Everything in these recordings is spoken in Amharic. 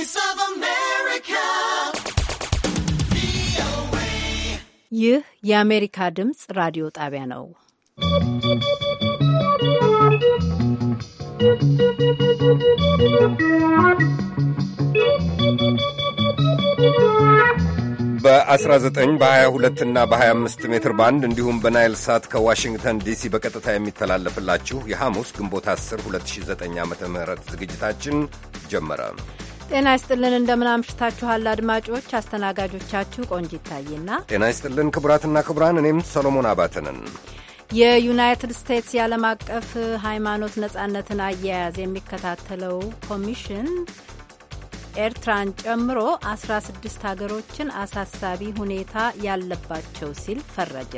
Voice of America. ይህ የአሜሪካ ድምፅ ራዲዮ ጣቢያ ነው። በ19 በ22 እና በ25 ሜትር ባንድ እንዲሁም በናይል ሳት ከዋሽንግተን ዲሲ በቀጥታ የሚተላለፍላችሁ የሐሙስ ግንቦት 10 2009 ዓ ም ዝግጅታችን ጀመረ። ጤና ይስጥልን እንደምን አምሽታችኋል አድማጮች። አስተናጋጆቻችሁ ቆንጅ ይታይና ጤና ይስጥልን ክቡራትና ክቡራን፣ እኔም ሰሎሞን አባተንን የዩናይትድ ስቴትስ የዓለም አቀፍ ሃይማኖት ነጻነትን አያያዝ የሚከታተለው ኮሚሽን ኤርትራን ጨምሮ 16 ሀገሮችን አሳሳቢ ሁኔታ ያለባቸው ሲል ፈረጀ።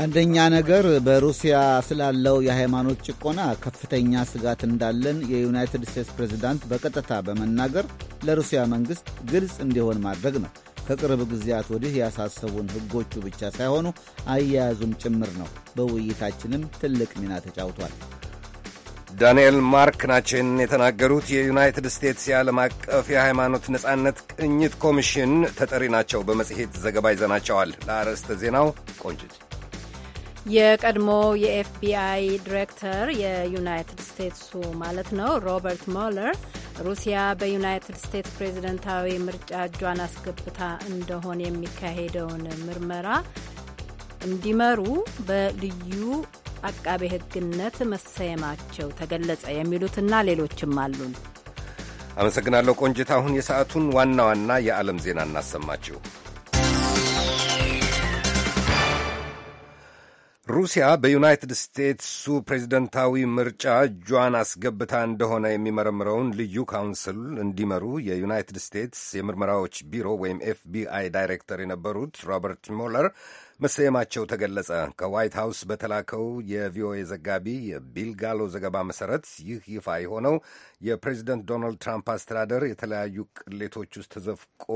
አንደኛ ነገር በሩሲያ ስላለው የሃይማኖት ጭቆና ከፍተኛ ስጋት እንዳለን የዩናይትድ ስቴትስ ፕሬዝዳንት በቀጥታ በመናገር ለሩሲያ መንግሥት ግልጽ እንዲሆን ማድረግ ነው። ከቅርብ ጊዜያት ወዲህ ያሳሰቡን ሕጎቹ ብቻ ሳይሆኑ አያያዙም ጭምር ነው። በውይይታችንም ትልቅ ሚና ተጫውቷል። ዳንኤል ማርክ ናችን የተናገሩት የዩናይትድ ስቴትስ የዓለም አቀፍ የሃይማኖት ነጻነት ቅኝት ኮሚሽን ተጠሪ ናቸው። በመጽሔት ዘገባ ይዘናቸዋል። ለአርዕስተ ዜናው ቆንጅት የቀድሞ የኤፍቢአይ ዲሬክተር የዩናይትድ ስቴትሱ ማለት ነው ሮበርት ሞለር ሩሲያ በዩናይትድ ስቴትስ ፕሬዝደንታዊ ምርጫ እጇን አስገብታ እንደሆን የሚካሄደውን ምርመራ እንዲመሩ በልዩ አቃቤ ሕግነት መሰየማቸው ተገለጸ። የሚሉትና ሌሎችም አሉን። አመሰግናለሁ ቆንጅት። አሁን የሰዓቱን ዋና ዋና የዓለም ዜና እናሰማችሁ። ሩሲያ በዩናይትድ ስቴትሱ ፕሬዚደንታዊ ምርጫ እጇን አስገብታ እንደሆነ የሚመረምረውን ልዩ ካውንስል እንዲመሩ የዩናይትድ ስቴትስ የምርመራዎች ቢሮ ወይም ኤፍቢአይ ዳይሬክተር የነበሩት ሮበርት ሞለር መሰየማቸው ተገለጸ። ከዋይት ሃውስ በተላከው የቪኦኤ ዘጋቢ የቢል ጋሎ ዘገባ መሰረት ይህ ይፋ የሆነው የፕሬዚደንት ዶናልድ ትራምፕ አስተዳደር የተለያዩ ቅሌቶች ውስጥ ተዘፍቆ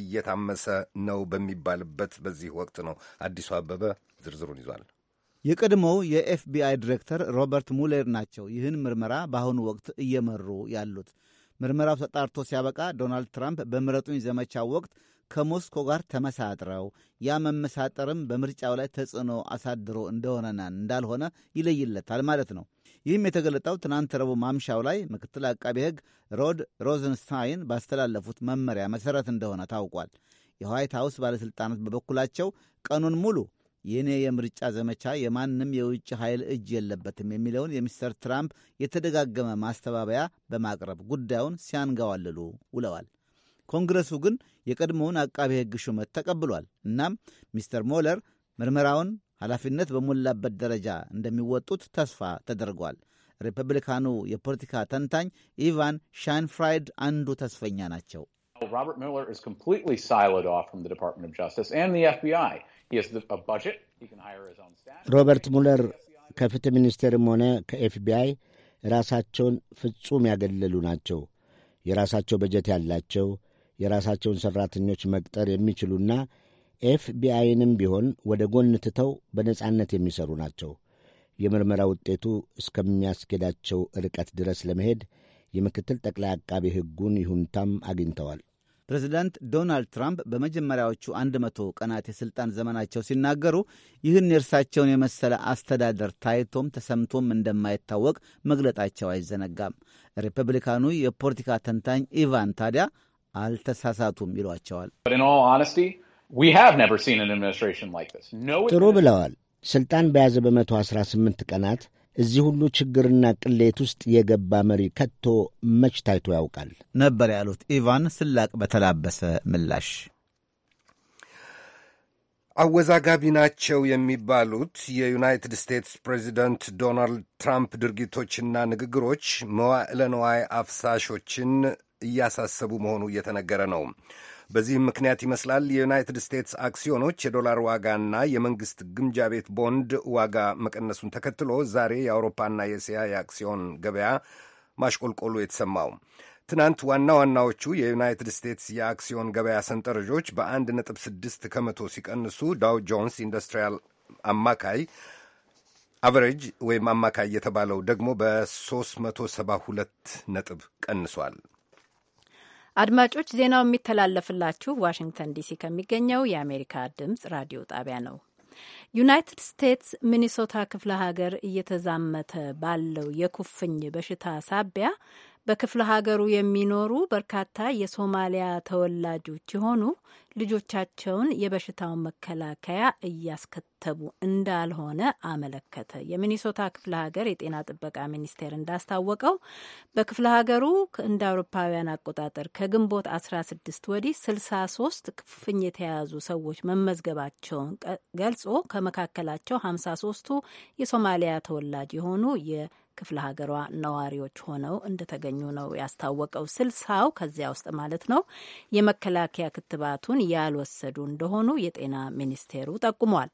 እየታመሰ ነው በሚባልበት በዚህ ወቅት ነው። አዲሱ አበበ ዝርዝሩን ይዟል። የቀድሞው የኤፍቢአይ ዲሬክተር ሮበርት ሙሌር ናቸው ይህን ምርመራ በአሁኑ ወቅት እየመሩ ያሉት። ምርመራው ተጣርቶ ሲያበቃ ዶናልድ ትራምፕ በምረጡኝ ዘመቻው ወቅት ከሞስኮ ጋር ተመሳጥረው ያ መመሳጠርም በምርጫው ላይ ተጽዕኖ አሳድሮ እንደሆነና እንዳልሆነ ይለይለታል ማለት ነው። ይህም የተገለጠው ትናንት ረቡዕ ማምሻው ላይ ምክትል አቃቤ ሕግ ሮድ ሮዘንስታይን ባስተላለፉት መመሪያ መሠረት እንደሆነ ታውቋል። የዋይት ሀውስ ባለሥልጣናት በበኩላቸው ቀኑን ሙሉ የእኔ የምርጫ ዘመቻ የማንም የውጭ ኃይል እጅ የለበትም የሚለውን የሚስተር ትራምፕ የተደጋገመ ማስተባበያ በማቅረብ ጉዳዩን ሲያንገዋልሉ ውለዋል። ኮንግረሱ ግን የቀድሞውን አቃቤ ሕግ ሹመት ተቀብሏል። እናም ሚስተር ሞለር ምርመራውን ኃላፊነት በሞላበት ደረጃ እንደሚወጡት ተስፋ ተደርጓል። ሪፐብሊካኑ የፖለቲካ ተንታኝ ኢቫን ሻይንፍራይድ አንዱ ተስፈኛ ናቸው። ሮበርት ሚለር ሮበርት ሙለር ከፍትህ ሚኒስቴርም ሆነ ከኤፍቢአይ ራሳቸውን ፍጹም ያገለሉ ናቸው። የራሳቸው በጀት ያላቸው የራሳቸውን ሠራተኞች መቅጠር የሚችሉና ኤፍቢአይንም ቢሆን ወደ ጎን ትተው በነጻነት የሚሠሩ ናቸው። የምርመራ ውጤቱ እስከሚያስኬዳቸው ርቀት ድረስ ለመሄድ የምክትል ጠቅላይ አቃቤ ሕጉን ይሁንታም አግኝተዋል። ፕሬዚዳንት ዶናልድ ትራምፕ በመጀመሪያዎቹ 100 ቀናት የሥልጣን ዘመናቸው ሲናገሩ ይህን የእርሳቸውን የመሰለ አስተዳደር ታይቶም ተሰምቶም እንደማይታወቅ መግለጣቸው አይዘነጋም። ሪፐብሊካኑ የፖለቲካ ተንታኝ ኢቫን ታዲያ አልተሳሳቱም ይሏቸዋል። ጥሩ ብለዋል። ስልጣን በያዘ በመቶ 18 ቀናት እዚህ ሁሉ ችግርና ቅሌት ውስጥ የገባ መሪ ከቶ መች ታይቶ ያውቃል ነበር ያሉት ኢቫን ስላቅ በተላበሰ ምላሽ። አወዛጋቢ ናቸው የሚባሉት የዩናይትድ ስቴትስ ፕሬዚደንት ዶናልድ ትራምፕ ድርጊቶችና ንግግሮች መዋዕለ ነዋይ አፍሳሾችን እያሳሰቡ መሆኑ እየተነገረ ነው። በዚህም ምክንያት ይመስላል የዩናይትድ ስቴትስ አክሲዮኖች የዶላር ዋጋና የመንግሥት ግምጃ ቤት ቦንድ ዋጋ መቀነሱን ተከትሎ ዛሬ የአውሮፓና የእስያ የአክሲዮን ገበያ ማሽቆልቆሉ የተሰማው። ትናንት ዋና ዋናዎቹ የዩናይትድ ስቴትስ የአክሲዮን ገበያ ሰንጠረዦች በአንድ ነጥብ ስድስት ከመቶ ሲቀንሱ ዳው ጆንስ ኢንዱስትሪያል አማካይ አቨሬጅ ወይም አማካይ የተባለው ደግሞ በ372 ነጥብ ቀንሷል። አድማጮች ዜናው የሚተላለፍላችሁ ዋሽንግተን ዲሲ ከሚገኘው የአሜሪካ ድምጽ ራዲዮ ጣቢያ ነው። ዩናይትድ ስቴትስ ሚኒሶታ ክፍለ ሀገር እየተዛመተ ባለው የኩፍኝ በሽታ ሳቢያ በክፍለ ሀገሩ የሚኖሩ በርካታ የሶማሊያ ተወላጆች የሆኑ ልጆቻቸውን የበሽታውን መከላከያ እያስከተቡ እንዳልሆነ አመለከተ። የሚኒሶታ ክፍለ ሀገር የጤና ጥበቃ ሚኒስቴር እንዳስታወቀው በክፍለ ሀገሩ እንደ አውሮፓውያን አቆጣጠር ከግንቦት 16 ወዲህ 63 ኩፍኝ የተያዙ ሰዎች መመዝገባቸውን ገልጾ ከመካከላቸው 53ቱ የሶማሊያ ተወላጅ የሆኑ ክፍለ ሀገሯ ነዋሪዎች ሆነው እንደተገኙ ነው ያስታወቀው። ስልሳው ከዚያ ውስጥ ማለት ነው የመከላከያ ክትባቱን ያልወሰዱ እንደሆኑ የጤና ሚኒስቴሩ ጠቁሟል።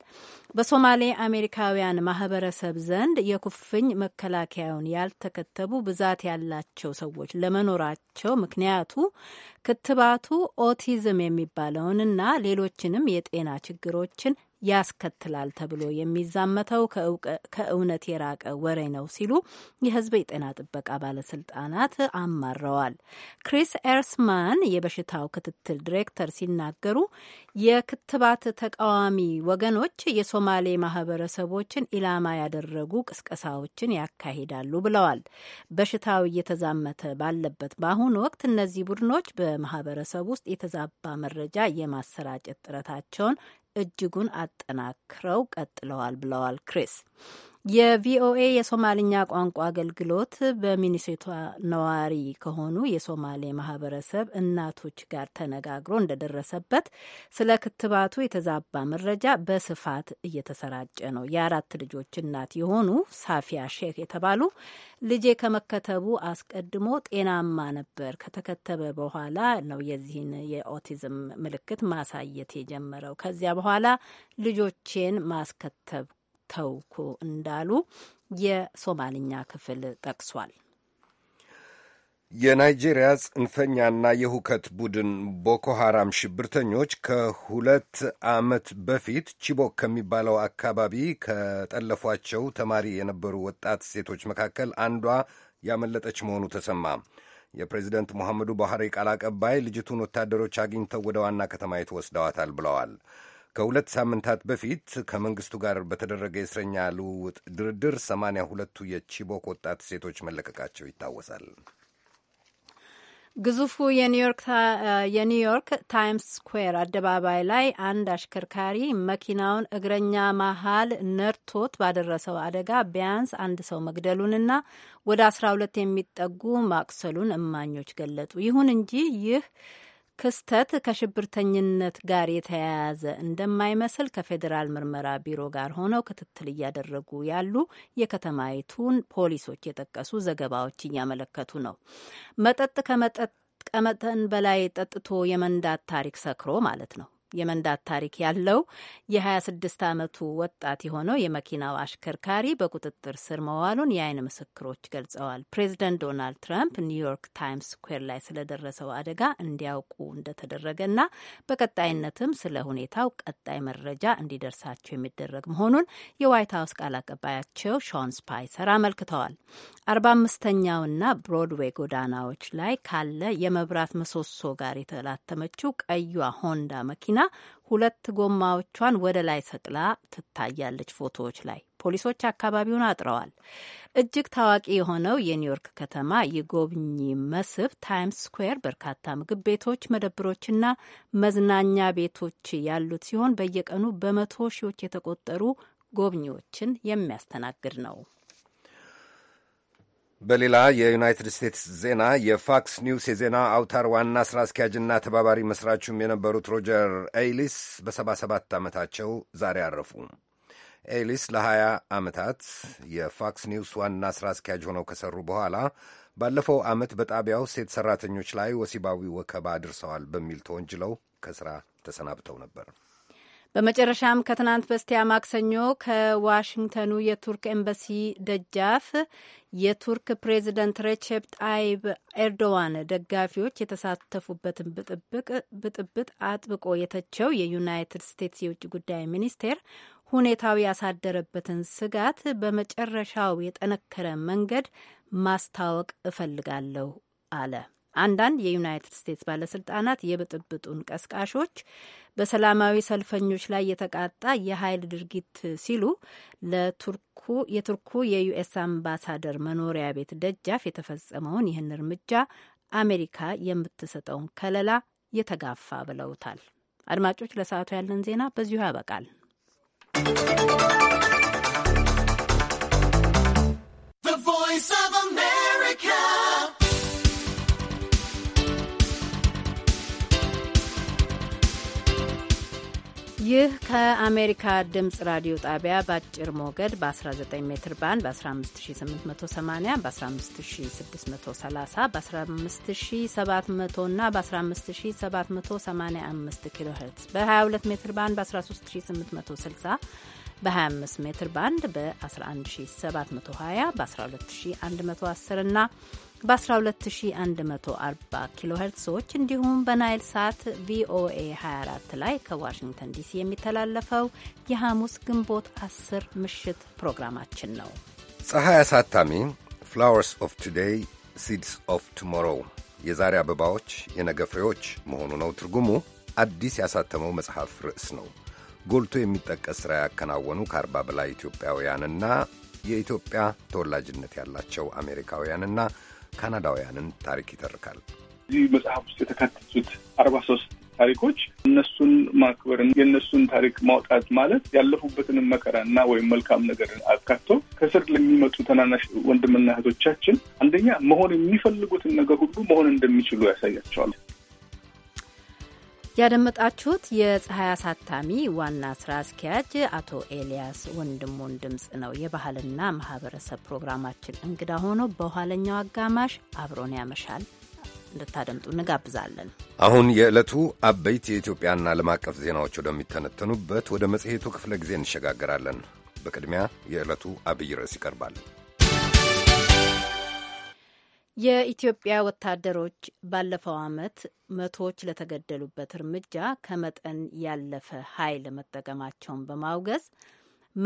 በሶማሌ አሜሪካውያን ማህበረሰብ ዘንድ የኩፍኝ መከላከያውን ያልተከተቡ ብዛት ያላቸው ሰዎች ለመኖራቸው ምክንያቱ ክትባቱ ኦቲዝም የሚባለውንና ሌሎችንም የጤና ችግሮችን ያስከትላል ተብሎ የሚዛመተው ከእውነት የራቀ ወሬ ነው ሲሉ የህዝብ የጤና ጥበቃ ባለስልጣናት አማረዋል። ክሪስ ኤርስማን የበሽታው ክትትል ዲሬክተር ሲናገሩ የክትባት ተቃዋሚ ወገኖች የሶማሌ ማህበረሰቦችን ኢላማ ያደረጉ ቅስቀሳዎችን ያካሂዳሉ ብለዋል። በሽታው እየተዛመተ ባለበት በአሁኑ ወቅት እነዚህ ቡድኖች በማህበረሰብ ውስጥ የተዛባ መረጃ የማሰራጨት ጥረታቸውን እጅጉን አጠናክረው ቀጥለዋል ብለዋል ክሪስ የቪኦኤ የሶማልኛ ቋንቋ አገልግሎት በሚኒሶታ ነዋሪ ከሆኑ የሶማሌ ማህበረሰብ እናቶች ጋር ተነጋግሮ እንደደረሰበት ስለ ክትባቱ የተዛባ መረጃ በስፋት እየተሰራጨ ነው። የአራት ልጆች እናት የሆኑ ሳፊያ ሼክ የተባሉ ልጄ ከመከተቡ አስቀድሞ ጤናማ ነበር፣ ከተከተበ በኋላ ነው የዚህን የኦቲዝም ምልክት ማሳየት የጀመረው። ከዚያ በኋላ ልጆቼን ማስከተብ ተውኩ እንዳሉ የሶማልኛ ክፍል ጠቅሷል። የናይጄሪያ ጽንፈኛና የሁከት ቡድን ቦኮ ሐራም ሽብርተኞች ከሁለት ዓመት በፊት ቺቦክ ከሚባለው አካባቢ ከጠለፏቸው ተማሪ የነበሩ ወጣት ሴቶች መካከል አንዷ ያመለጠች መሆኑ ተሰማ። የፕሬዚደንት ሙሐመዱ ቡሃሪ ቃል አቀባይ ልጅቱን ወታደሮች አግኝተው ወደ ዋና ከተማይቱ ወስደዋታል ብለዋል። ከሁለት ሳምንታት በፊት ከመንግስቱ ጋር በተደረገ የእስረኛ ልውውጥ ድርድር ሰማንያ ሁለቱ የቺቦክ ወጣት ሴቶች መለቀቃቸው ይታወሳል። ግዙፉ የኒውዮርክ ታይምስ ስኩዌር አደባባይ ላይ አንድ አሽከርካሪ መኪናውን እግረኛ መሀል ነርቶት ባደረሰው አደጋ ቢያንስ አንድ ሰው መግደሉንና ወደ አስራ ሁለት የሚጠጉ ማቁሰሉን እማኞች ገለጡ። ይሁን እንጂ ይህ ክስተት ከሽብርተኝነት ጋር የተያያዘ እንደማይመስል ከፌዴራል ምርመራ ቢሮ ጋር ሆነው ክትትል እያደረጉ ያሉ የከተማይቱን ፖሊሶች የጠቀሱ ዘገባዎች እያመለከቱ ነው። መጠጥ ከመጠጥ ከመጠን በላይ ጠጥቶ የመንዳት ታሪክ ሰክሮ ማለት ነው የመንዳት ታሪክ ያለው የ26 ዓመቱ ወጣት የሆነው የመኪናው አሽከርካሪ በቁጥጥር ስር መዋሉን የአይን ምስክሮች ገልጸዋል። ፕሬዚደንት ዶናልድ ትራምፕ ኒውዮርክ ታይምስ ስኩዌር ላይ ስለደረሰው አደጋ እንዲያውቁ እንደተደረገና በቀጣይነትም ስለ ሁኔታው ቀጣይ መረጃ እንዲደርሳቸው የሚደረግ መሆኑን የዋይት ሀውስ ቃል አቀባያቸው ሾን ስፓይሰር አመልክተዋል። አርባ አምስተኛውና ብሮድዌይ ጎዳናዎች ላይ ካለ የመብራት ምሰሶ ጋር የተላተመችው ቀዩዋ ሆንዳ መኪና መኪና ሁለት ጎማዎቿን ወደ ላይ ሰቅላ ትታያለች ፎቶዎች ላይ። ፖሊሶች አካባቢውን አጥረዋል። እጅግ ታዋቂ የሆነው የኒውዮርክ ከተማ የጎብኚ መስህብ ታይምስ ስኩዌር በርካታ ምግብ ቤቶች፣ መደብሮችና መዝናኛ ቤቶች ያሉት ሲሆን በየቀኑ በመቶ ሺዎች የተቆጠሩ ጎብኚዎችን የሚያስተናግድ ነው። በሌላ የዩናይትድ ስቴትስ ዜና የፋክስ ኒውስ የዜና አውታር ዋና ሥራ አስኪያጅና ተባባሪ መሥራቹም የነበሩት ሮጀር ኤይሊስ በሰባ ዓመታቸው ዛሬ አረፉ። ኤይሊስ ለ20 ዓመታት የፋክስ ኒውስ ዋና ሥራ አስኪያጅ ሆነው ከሠሩ በኋላ ባለፈው ዓመት በጣቢያው ሴት ሠራተኞች ላይ ወሲባዊ ወከባ አድርሰዋል በሚል ተወንጅለው ከሥራ ተሰናብተው ነበር። በመጨረሻም ከትናንት በስቲያ ማክሰኞ ከዋሽንግተኑ የቱርክ ኤምባሲ ደጃፍ የቱርክ ፕሬዚደንት ሬቼፕ ጣይብ ኤርዶዋን ደጋፊዎች የተሳተፉበትን ብጥብጥ አጥብቆ የተቸው የዩናይትድ ስቴትስ የውጭ ጉዳይ ሚኒስቴር ሁኔታው ያሳደረበትን ስጋት በመጨረሻው የጠነከረ መንገድ ማስታወቅ እፈልጋለሁ አለ። አንዳንድ የዩናይትድ ስቴትስ ባለስልጣናት የብጥብጡን ቀስቃሾች በሰላማዊ ሰልፈኞች ላይ የተቃጣ የኃይል ድርጊት ሲሉ ለቱርኩ የቱርኩ የዩኤስ አምባሳደር መኖሪያ ቤት ደጃፍ የተፈጸመውን ይህን እርምጃ አሜሪካ የምትሰጠውን ከለላ የተጋፋ ብለውታል። አድማጮች፣ ለሰዓቱ ያለን ዜና በዚሁ ያበቃል። ይህ ከአሜሪካ ድምፅ ራዲዮ ጣቢያ በአጭር ሞገድ በ19 ሜትር ባንድ በ15880 በ15630 በ15700 እና በ15785 ኪሎ ሄርትስ በ22 ሜትር ባንድ በ13860 በ25 ሜትር ባንድ በ11720 በ12110 እና በ12140 ኪሎ ሄርትሶች እንዲሁም በናይል ሳት ቪኦኤ 24 ላይ ከዋሽንግተን ዲሲ የሚተላለፈው የሐሙስ ግንቦት 10 ምሽት ፕሮግራማችን ነው። ፀሐይ አሳታሚ ፍላወርስ ኦፍ ቱዴይ ሲድስ ኦፍ ቱሞሮው የዛሬ አበባዎች የነገ ፍሬዎች መሆኑ ነው ትርጉሙ። አዲስ ያሳተመው መጽሐፍ ርዕስ ነው። ጎልቶ የሚጠቀስ ሥራ ያከናወኑ ከአርባ በላይ ኢትዮጵያውያንና የኢትዮጵያ ተወላጅነት ያላቸው አሜሪካውያንና ካናዳውያንን ታሪክ ይተርካል። እዚህ መጽሐፍ ውስጥ የተካተቱት አርባ ሶስት ታሪኮች እነሱን ማክበርን የእነሱን ታሪክ ማውጣት ማለት ያለፉበትንም መከራና ወይም መልካም ነገር አካቶ ከስር ለሚመጡ ተናናሽ ወንድምና እህቶቻችን አንደኛ መሆን የሚፈልጉትን ነገር ሁሉ መሆን እንደሚችሉ ያሳያቸዋል። ያደመጣችሁት የፀሐይ አሳታሚ ዋና ስራ አስኪያጅ አቶ ኤልያስ ወንድሙን ድምፅ ነው። የባህልና ማህበረሰብ ፕሮግራማችን እንግዳ ሆኖ በኋለኛው አጋማሽ አብሮን ያመሻል። እንድታደምጡ እንጋብዛለን። አሁን የዕለቱ አበይት የኢትዮጵያና ዓለም አቀፍ ዜናዎች ወደሚተነተኑበት ወደ መጽሔቱ ክፍለ ጊዜ እንሸጋገራለን። በቅድሚያ የዕለቱ አብይ ርዕስ ይቀርባል። የኢትዮጵያ ወታደሮች ባለፈው ዓመት መቶዎች ለተገደሉበት እርምጃ ከመጠን ያለፈ ኃይል መጠቀማቸውን በማውገዝ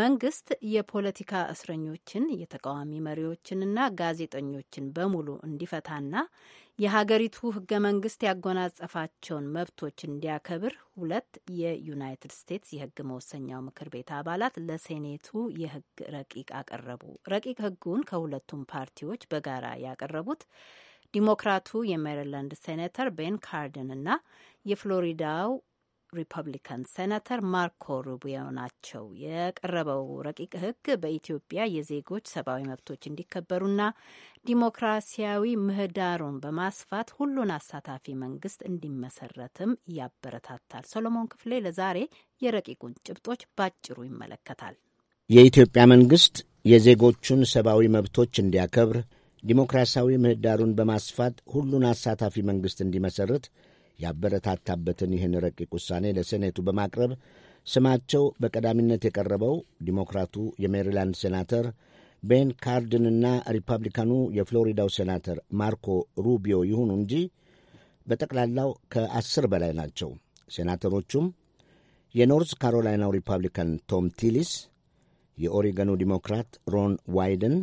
መንግስት የፖለቲካ እስረኞችን የተቃዋሚ መሪዎችንና ጋዜጠኞችን በሙሉ እንዲፈታና የሀገሪቱ ህገ መንግስት ያጎናጸፋቸውን መብቶች እንዲያከብር ሁለት የዩናይትድ ስቴትስ የህግ መወሰኛው ምክር ቤት አባላት ለሴኔቱ የህግ ረቂቅ አቀረቡ። ረቂቅ ህጉን ከሁለቱም ፓርቲዎች በጋራ ያቀረቡት ዲሞክራቱ የሜሪላንድ ሴኔተር ቤን ካርደን እና የፍሎሪዳው ሪፐብሊካን ሴናተር ማርኮ ሩቢዮ ናቸው። የቀረበው ረቂቅ ሕግ በኢትዮጵያ የዜጎች ሰብአዊ መብቶች እንዲከበሩና ዲሞክራሲያዊ ምህዳሩን በማስፋት ሁሉን አሳታፊ መንግስት እንዲመሰረትም ያበረታታል። ሰሎሞን ክፍሌ ለዛሬ የረቂቁን ጭብጦች ባጭሩ ይመለከታል። የኢትዮጵያ መንግስት የዜጎቹን ሰብአዊ መብቶች እንዲያከብር ዲሞክራሲያዊ ምህዳሩን በማስፋት ሁሉን አሳታፊ መንግሥት እንዲመሠርት ያበረታታበትን ይህን ረቂቅ ውሳኔ ለሴኔቱ በማቅረብ ስማቸው በቀዳሚነት የቀረበው ዲሞክራቱ የሜሪላንድ ሴናተር ቤን ካርድንና ሪፐብሊካኑ የፍሎሪዳው ሴናተር ማርኮ ሩቢዮ ይሁኑ እንጂ በጠቅላላው ከአስር በላይ ናቸው። ሴናተሮቹም የኖርዝ ካሮላይናው ሪፐብሊካን ቶም ቲሊስ፣ የኦሪገኑ ዲሞክራት ሮን ዋይደን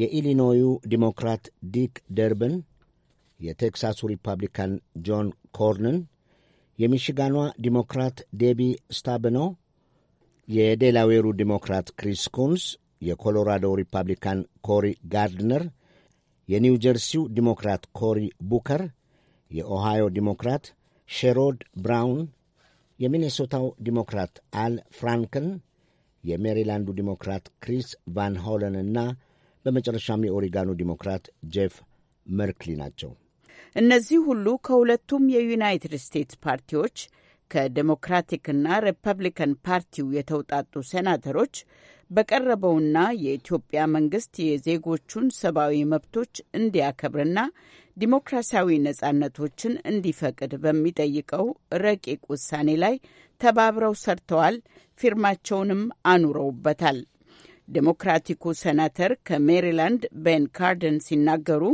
የኢሊኖዩ ዲሞክራት ዲክ ደርብን፣ የቴክሳሱ ሪፐብሊካን ጆን ኮርንን፣ የሚሽጋኗ ዲሞክራት ዴቢ ስታብኖ፣ የዴላዌሩ ዲሞክራት ክሪስ ኩንስ፣ የኮሎራዶ ሪፐብሊካን ኮሪ ጋርድነር፣ የኒው ጀርሲው ዲሞክራት ኮሪ ቡከር፣ የኦሃዮ ዲሞክራት ሼሮድ ብራውን፣ የሚኔሶታው ዲሞክራት አል ፍራንክን፣ የሜሪላንዱ ዲሞክራት ክሪስ ቫን ሆለንና በመጨረሻም የኦሪጋኑ ዲሞክራት ጄፍ መርክሊ ናቸው። እነዚህ ሁሉ ከሁለቱም የዩናይትድ ስቴትስ ፓርቲዎች ከዴሞክራቲክና ሪፐብሊካን ፓርቲው የተውጣጡ ሴናተሮች በቀረበውና የኢትዮጵያ መንግስት የዜጎቹን ሰብአዊ መብቶች እንዲያከብርና ዲሞክራሲያዊ ነጻነቶችን እንዲፈቅድ በሚጠይቀው ረቂቅ ውሳኔ ላይ ተባብረው ሰርተዋል። ፊርማቸውንም አኑረውበታል። ዴሞክራቲኩ ሴናተር ከሜሪላንድ ቤን ካርደን ሲናገሩ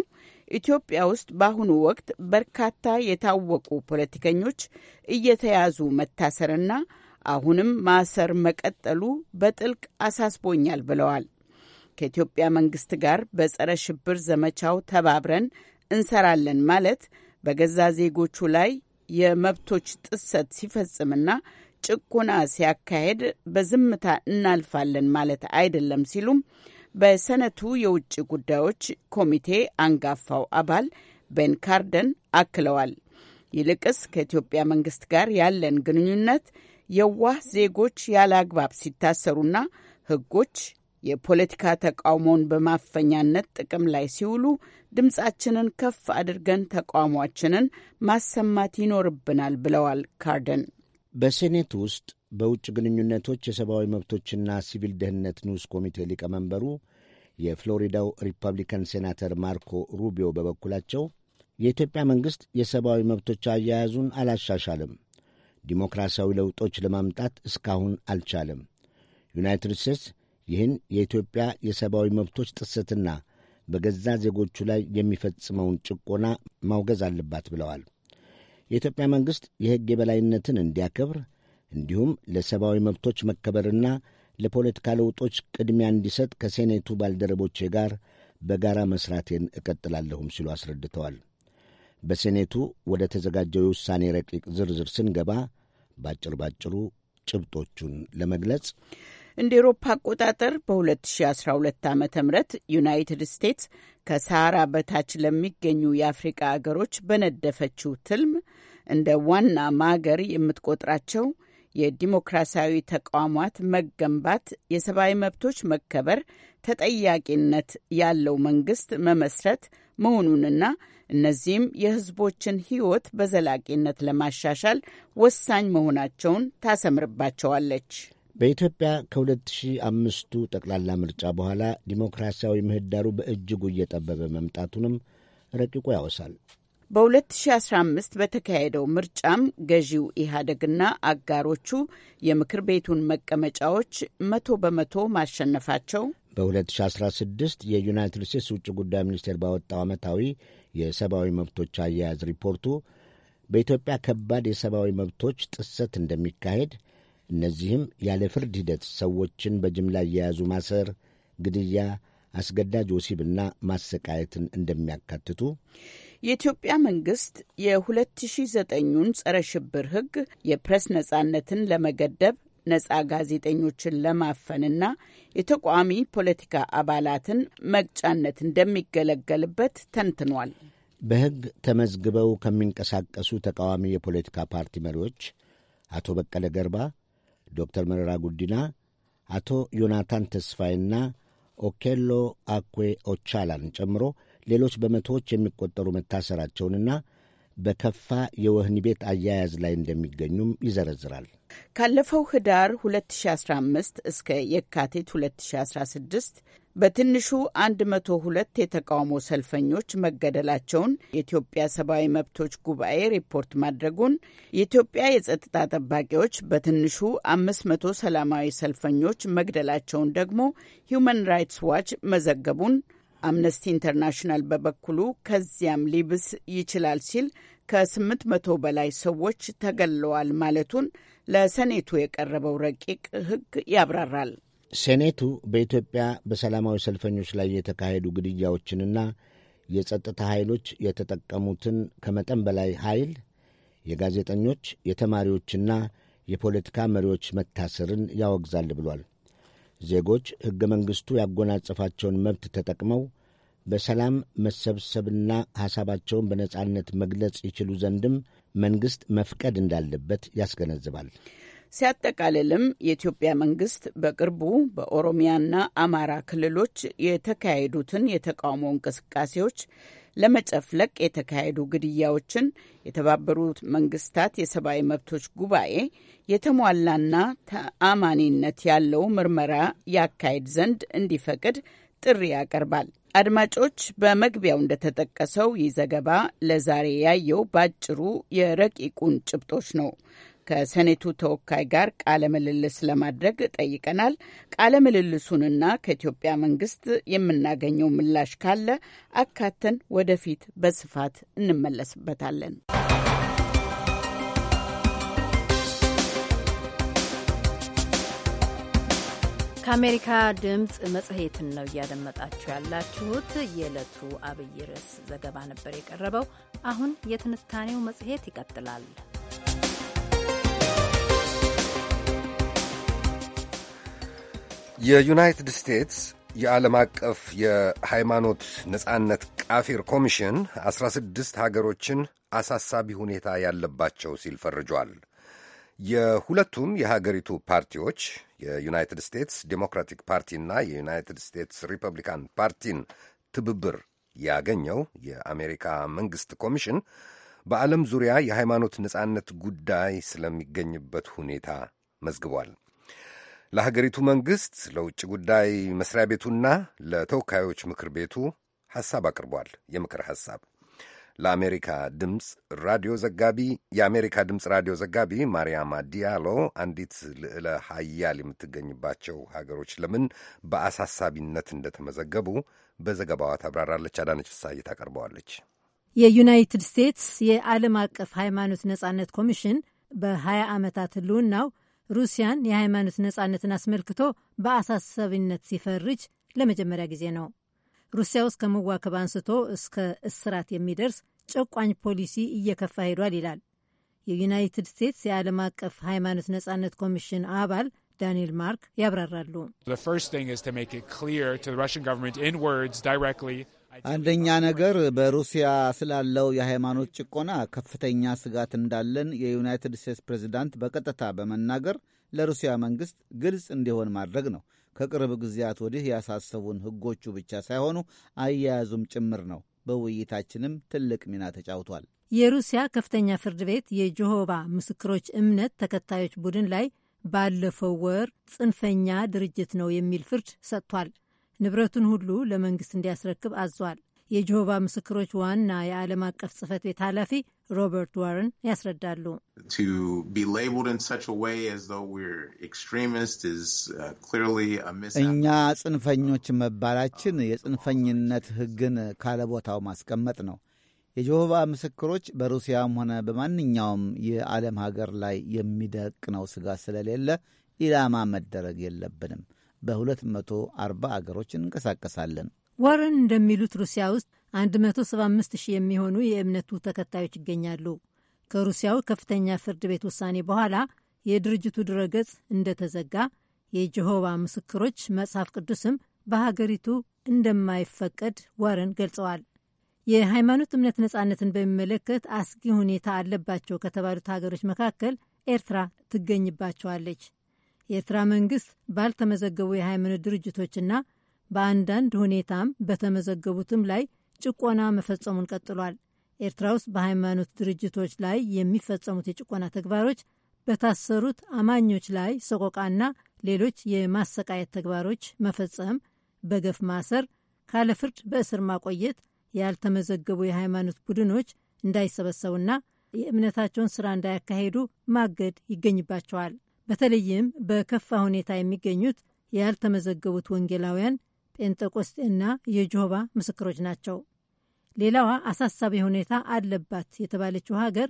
ኢትዮጵያ ውስጥ በአሁኑ ወቅት በርካታ የታወቁ ፖለቲከኞች እየተያዙ መታሰርና አሁንም ማሰር መቀጠሉ በጥልቅ አሳስቦኛል ብለዋል። ከኢትዮጵያ መንግስት ጋር በጸረ ሽብር ዘመቻው ተባብረን እንሰራለን ማለት በገዛ ዜጎቹ ላይ የመብቶች ጥሰት ሲፈጽምና ጭቆና ሲያካሄድ በዝምታ እናልፋለን ማለት አይደለም ሲሉም በሰነቱ የውጭ ጉዳዮች ኮሚቴ አንጋፋው አባል ቤን ካርደን አክለዋል። ይልቅስ ከኢትዮጵያ መንግስት ጋር ያለን ግንኙነት የዋህ ዜጎች ያለ አግባብ ሲታሰሩና ህጎች የፖለቲካ ተቃውሞውን በማፈኛነት ጥቅም ላይ ሲውሉ ድምፃችንን ከፍ አድርገን ተቃውሟችንን ማሰማት ይኖርብናል ብለዋል ካርደን። በሴኔት ውስጥ በውጭ ግንኙነቶች የሰብአዊ መብቶችና ሲቪል ደህንነት ንዑስ ኮሚቴ ሊቀመንበሩ የፍሎሪዳው ሪፐብሊካን ሴናተር ማርኮ ሩቢዮ በበኩላቸው የኢትዮጵያ መንግሥት የሰብአዊ መብቶች አያያዙን አላሻሻልም፣ ዲሞክራሲያዊ ለውጦች ለማምጣት እስካሁን አልቻለም። ዩናይትድ ስቴትስ ይህን የኢትዮጵያ የሰብአዊ መብቶች ጥሰትና በገዛ ዜጎቹ ላይ የሚፈጽመውን ጭቆና ማውገዝ አለባት ብለዋል። የኢትዮጵያ መንግሥት የሕግ የበላይነትን እንዲያከብር እንዲሁም ለሰብአዊ መብቶች መከበርና ለፖለቲካ ለውጦች ቅድሚያ እንዲሰጥ ከሴኔቱ ባልደረቦቼ ጋር በጋራ መሥራቴን እቀጥላለሁም ሲሉ አስረድተዋል። በሴኔቱ ወደ ተዘጋጀው የውሳኔ ረቂቅ ዝርዝር ስንገባ ባጭር ባጭሩ ጭብጦቹን ለመግለጽ እንደ ኤሮፓ አቆጣጠር በ2012 ዓ ም ዩናይትድ ስቴትስ ከሳራ በታች ለሚገኙ የአፍሪቃ አገሮች በነደፈችው ትልም እንደ ዋና ማገር የምትቆጥራቸው የዲሞክራሲያዊ ተቋማት መገንባት፣ የሰብአዊ መብቶች መከበር፣ ተጠያቂነት ያለው መንግስት መመስረት መሆኑንና እነዚህም የህዝቦችን ህይወት በዘላቂነት ለማሻሻል ወሳኝ መሆናቸውን ታሰምርባቸዋለች። በኢትዮጵያ ከ2005ቱ ጠቅላላ ምርጫ በኋላ ዲሞክራሲያዊ ምህዳሩ በእጅጉ እየጠበበ መምጣቱንም ረቂቁ ያወሳል። በ2015 በተካሄደው ምርጫም ገዢው ኢህአደግና አጋሮቹ የምክር ቤቱን መቀመጫዎች መቶ በመቶ ማሸነፋቸው በ2016 የዩናይትድ ስቴትስ ውጭ ጉዳይ ሚኒስቴር ባወጣው ዓመታዊ የሰብአዊ መብቶች አያያዝ ሪፖርቱ በኢትዮጵያ ከባድ የሰብአዊ መብቶች ጥሰት እንደሚካሄድ እነዚህም ያለ ፍርድ ሂደት ሰዎችን በጅምላ እየያዙ ማሰር፣ ግድያ፣ አስገዳጅ ወሲብና ማሰቃየትን እንደሚያካትቱ የኢትዮጵያ መንግስት የ2009ን ጸረ ሽብር ህግ የፕሬስ ነጻነትን ለመገደብ ነጻ ጋዜጠኞችን ለማፈንና የተቃዋሚ ፖለቲካ አባላትን መቅጫነት እንደሚገለገልበት ተንትኗል። በህግ ተመዝግበው ከሚንቀሳቀሱ ተቃዋሚ የፖለቲካ ፓርቲ መሪዎች አቶ በቀለ ገርባ፣ ዶክተር መረራ ጉዲና፣ አቶ ዮናታን ተስፋይና ኦኬሎ አኩዌ ኦቻላን ጨምሮ ሌሎች በመቶዎች የሚቆጠሩ መታሰራቸውንና በከፋ የወህኒ ቤት አያያዝ ላይ እንደሚገኙም ይዘረዝራል። ካለፈው ህዳር 2015 እስከ የካቲት 2016 በትንሹ 102 የተቃውሞ ሰልፈኞች መገደላቸውን የኢትዮጵያ ሰብአዊ መብቶች ጉባኤ ሪፖርት ማድረጉን፣ የኢትዮጵያ የጸጥታ ጠባቂዎች በትንሹ 500 ሰላማዊ ሰልፈኞች መግደላቸውን ደግሞ ሂዩማን ራይትስ ዋች መዘገቡን አምነስቲ ኢንተርናሽናል በበኩሉ ከዚያም ሊብስ ይችላል ሲል ከ መቶ በላይ ሰዎች ተገለዋል ማለቱን ለሰኔቱ የቀረበው ረቂቅ ሕግ ያብራራል። ሴኔቱ በኢትዮጵያ በሰላማዊ ሰልፈኞች ላይ የተካሄዱ ግድያዎችንና የጸጥታ ኃይሎች የተጠቀሙትን ከመጠን በላይ ኃይል፣ የጋዜጠኞች የተማሪዎችና የፖለቲካ መሪዎች መታሰርን ያወግዛል ብሏል። ዜጎች ሕገ መንግሥቱ ያጎናጸፋቸውን መብት ተጠቅመው በሰላም መሰብሰብና ሐሳባቸውን በነጻነት መግለጽ ይችሉ ዘንድም መንግሥት መፍቀድ እንዳለበት ያስገነዝባል። ሲያጠቃልልም የኢትዮጵያ መንግስት በቅርቡ በኦሮሚያና አማራ ክልሎች የተካሄዱትን የተቃውሞ እንቅስቃሴዎች ለመጨፍለቅ የተካሄዱ ግድያዎችን የተባበሩት መንግስታት የሰብአዊ መብቶች ጉባኤ የተሟላና ተአማኒነት ያለው ምርመራ ያካሄድ ዘንድ እንዲፈቅድ ጥሪ ያቀርባል። አድማጮች፣ በመግቢያው እንደተጠቀሰው ይህ ዘገባ ለዛሬ ያየው ባጭሩ የረቂቁን ጭብጦች ነው። ከሰኔቱ ተወካይ ጋር ቃለ ምልልስ ለማድረግ ጠይቀናል። ቃለ ምልልሱንና ከኢትዮጵያ መንግስት የምናገኘው ምላሽ ካለ አካተን ወደፊት በስፋት እንመለስበታለን። ከአሜሪካ ድምፅ መጽሔትን ነው እያደመጣችሁ ያላችሁት። የዕለቱ አብይ ርዕስ ዘገባ ነበር የቀረበው። አሁን የትንታኔው መጽሔት ይቀጥላል። የዩናይትድ ስቴትስ የዓለም አቀፍ የሃይማኖት ነጻነት ቃፊር ኮሚሽን 16 ሀገሮችን አሳሳቢ ሁኔታ ያለባቸው ሲል ፈርጇል። የሁለቱም የሀገሪቱ ፓርቲዎች የዩናይትድ ስቴትስ ዴሞክራቲክ ፓርቲና የዩናይትድ ስቴትስ ሪፐብሊካን ፓርቲን ትብብር ያገኘው የአሜሪካ መንግሥት ኮሚሽን በዓለም ዙሪያ የሃይማኖት ነጻነት ጉዳይ ስለሚገኝበት ሁኔታ መዝግቧል። ለሀገሪቱ መንግሥት ለውጭ ጉዳይ መስሪያ ቤቱና ለተወካዮች ምክር ቤቱ ሐሳብ አቅርቧል። የምክር ሐሳብ ለአሜሪካ ድምፅ ራዲዮ ዘጋቢ የአሜሪካ ድምፅ ራዲዮ ዘጋቢ ማርያማ ዲያሎ አንዲት ልዕለ ሀያል የምትገኝባቸው ሀገሮች ለምን በአሳሳቢነት እንደተመዘገቡ በዘገባዋ ታብራራለች። አዳነች ፍሳይ ታቀርበዋለች። የዩናይትድ ስቴትስ የዓለም አቀፍ ሃይማኖት ነጻነት ኮሚሽን በ20 ዓመታት ህልውናው ሩሲያን የሃይማኖት ነጻነትን አስመልክቶ በአሳሳቢነት ሲፈርጅ ለመጀመሪያ ጊዜ ነው። ሩሲያ ውስጥ ከመዋከብ አንስቶ እስከ እስራት የሚደርስ ጨቋኝ ፖሊሲ እየከፋ ሄዷል ይላል የዩናይትድ ስቴትስ የዓለም አቀፍ ሃይማኖት ነጻነት ኮሚሽን አባል ዳንኤል ማርክ ያብራራሉ። አንደኛ ነገር በሩሲያ ስላለው የሃይማኖት ጭቆና ከፍተኛ ስጋት እንዳለን የዩናይትድ ስቴትስ ፕሬዚዳንት በቀጥታ በመናገር ለሩሲያ መንግሥት ግልጽ እንዲሆን ማድረግ ነው። ከቅርብ ጊዜያት ወዲህ ያሳሰቡን ሕጎቹ ብቻ ሳይሆኑ አያያዙም ጭምር ነው። በውይይታችንም ትልቅ ሚና ተጫውቷል። የሩሲያ ከፍተኛ ፍርድ ቤት የጆሆባ ምስክሮች እምነት ተከታዮች ቡድን ላይ ባለፈው ወር ጽንፈኛ ድርጅት ነው የሚል ፍርድ ሰጥቷል። ንብረቱን ሁሉ ለመንግስት እንዲያስረክብ አዟል። የጆሆባ ምስክሮች ዋና የዓለም አቀፍ ጽህፈት ቤት ኃላፊ ሮበርት ዋረን ያስረዳሉ። uh, እኛ ጽንፈኞች መባላችን የጽንፈኝነት ሕግን ካለቦታው ማስቀመጥ ነው። የጆሆባ ምስክሮች በሩሲያም ሆነ በማንኛውም የዓለም ሀገር ላይ የሚደቅነው ስጋት ስለሌለ ኢላማ መደረግ የለብንም። በ240 አገሮች እንቀሳቀሳለን። ዋረን እንደሚሉት ሩሲያ ውስጥ 175 ሺህ የሚሆኑ የእምነቱ ተከታዮች ይገኛሉ። ከሩሲያው ከፍተኛ ፍርድ ቤት ውሳኔ በኋላ የድርጅቱ ድረገጽ እንደተዘጋ የጀሆባ ምስክሮች መጽሐፍ ቅዱስም በሀገሪቱ እንደማይፈቀድ ዋረን ገልጸዋል። የሃይማኖት እምነት ነጻነትን በሚመለከት አስጊ ሁኔታ አለባቸው ከተባሉት ሀገሮች መካከል ኤርትራ ትገኝባቸዋለች። የኤርትራ መንግስት ባልተመዘገቡ የሃይማኖት ድርጅቶችና በአንዳንድ ሁኔታም በተመዘገቡትም ላይ ጭቆና መፈጸሙን ቀጥሏል። ኤርትራ ውስጥ በሃይማኖት ድርጅቶች ላይ የሚፈጸሙት የጭቆና ተግባሮች በታሰሩት አማኞች ላይ ሰቆቃና ሌሎች የማሰቃየት ተግባሮች መፈጸም፣ በገፍ ማሰር፣ ካለ ፍርድ በእስር ማቆየት፣ ያልተመዘገቡ የሃይማኖት ቡድኖች እንዳይሰበሰቡና የእምነታቸውን ስራ እንዳያካሄዱ ማገድ ይገኝባቸዋል። በተለይም በከፋ ሁኔታ የሚገኙት ያልተመዘገቡት ወንጌላውያን ጴንጠቆስጤና የጆባ ምስክሮች ናቸው። ሌላዋ አሳሳቢ ሁኔታ አለባት የተባለችው ሀገር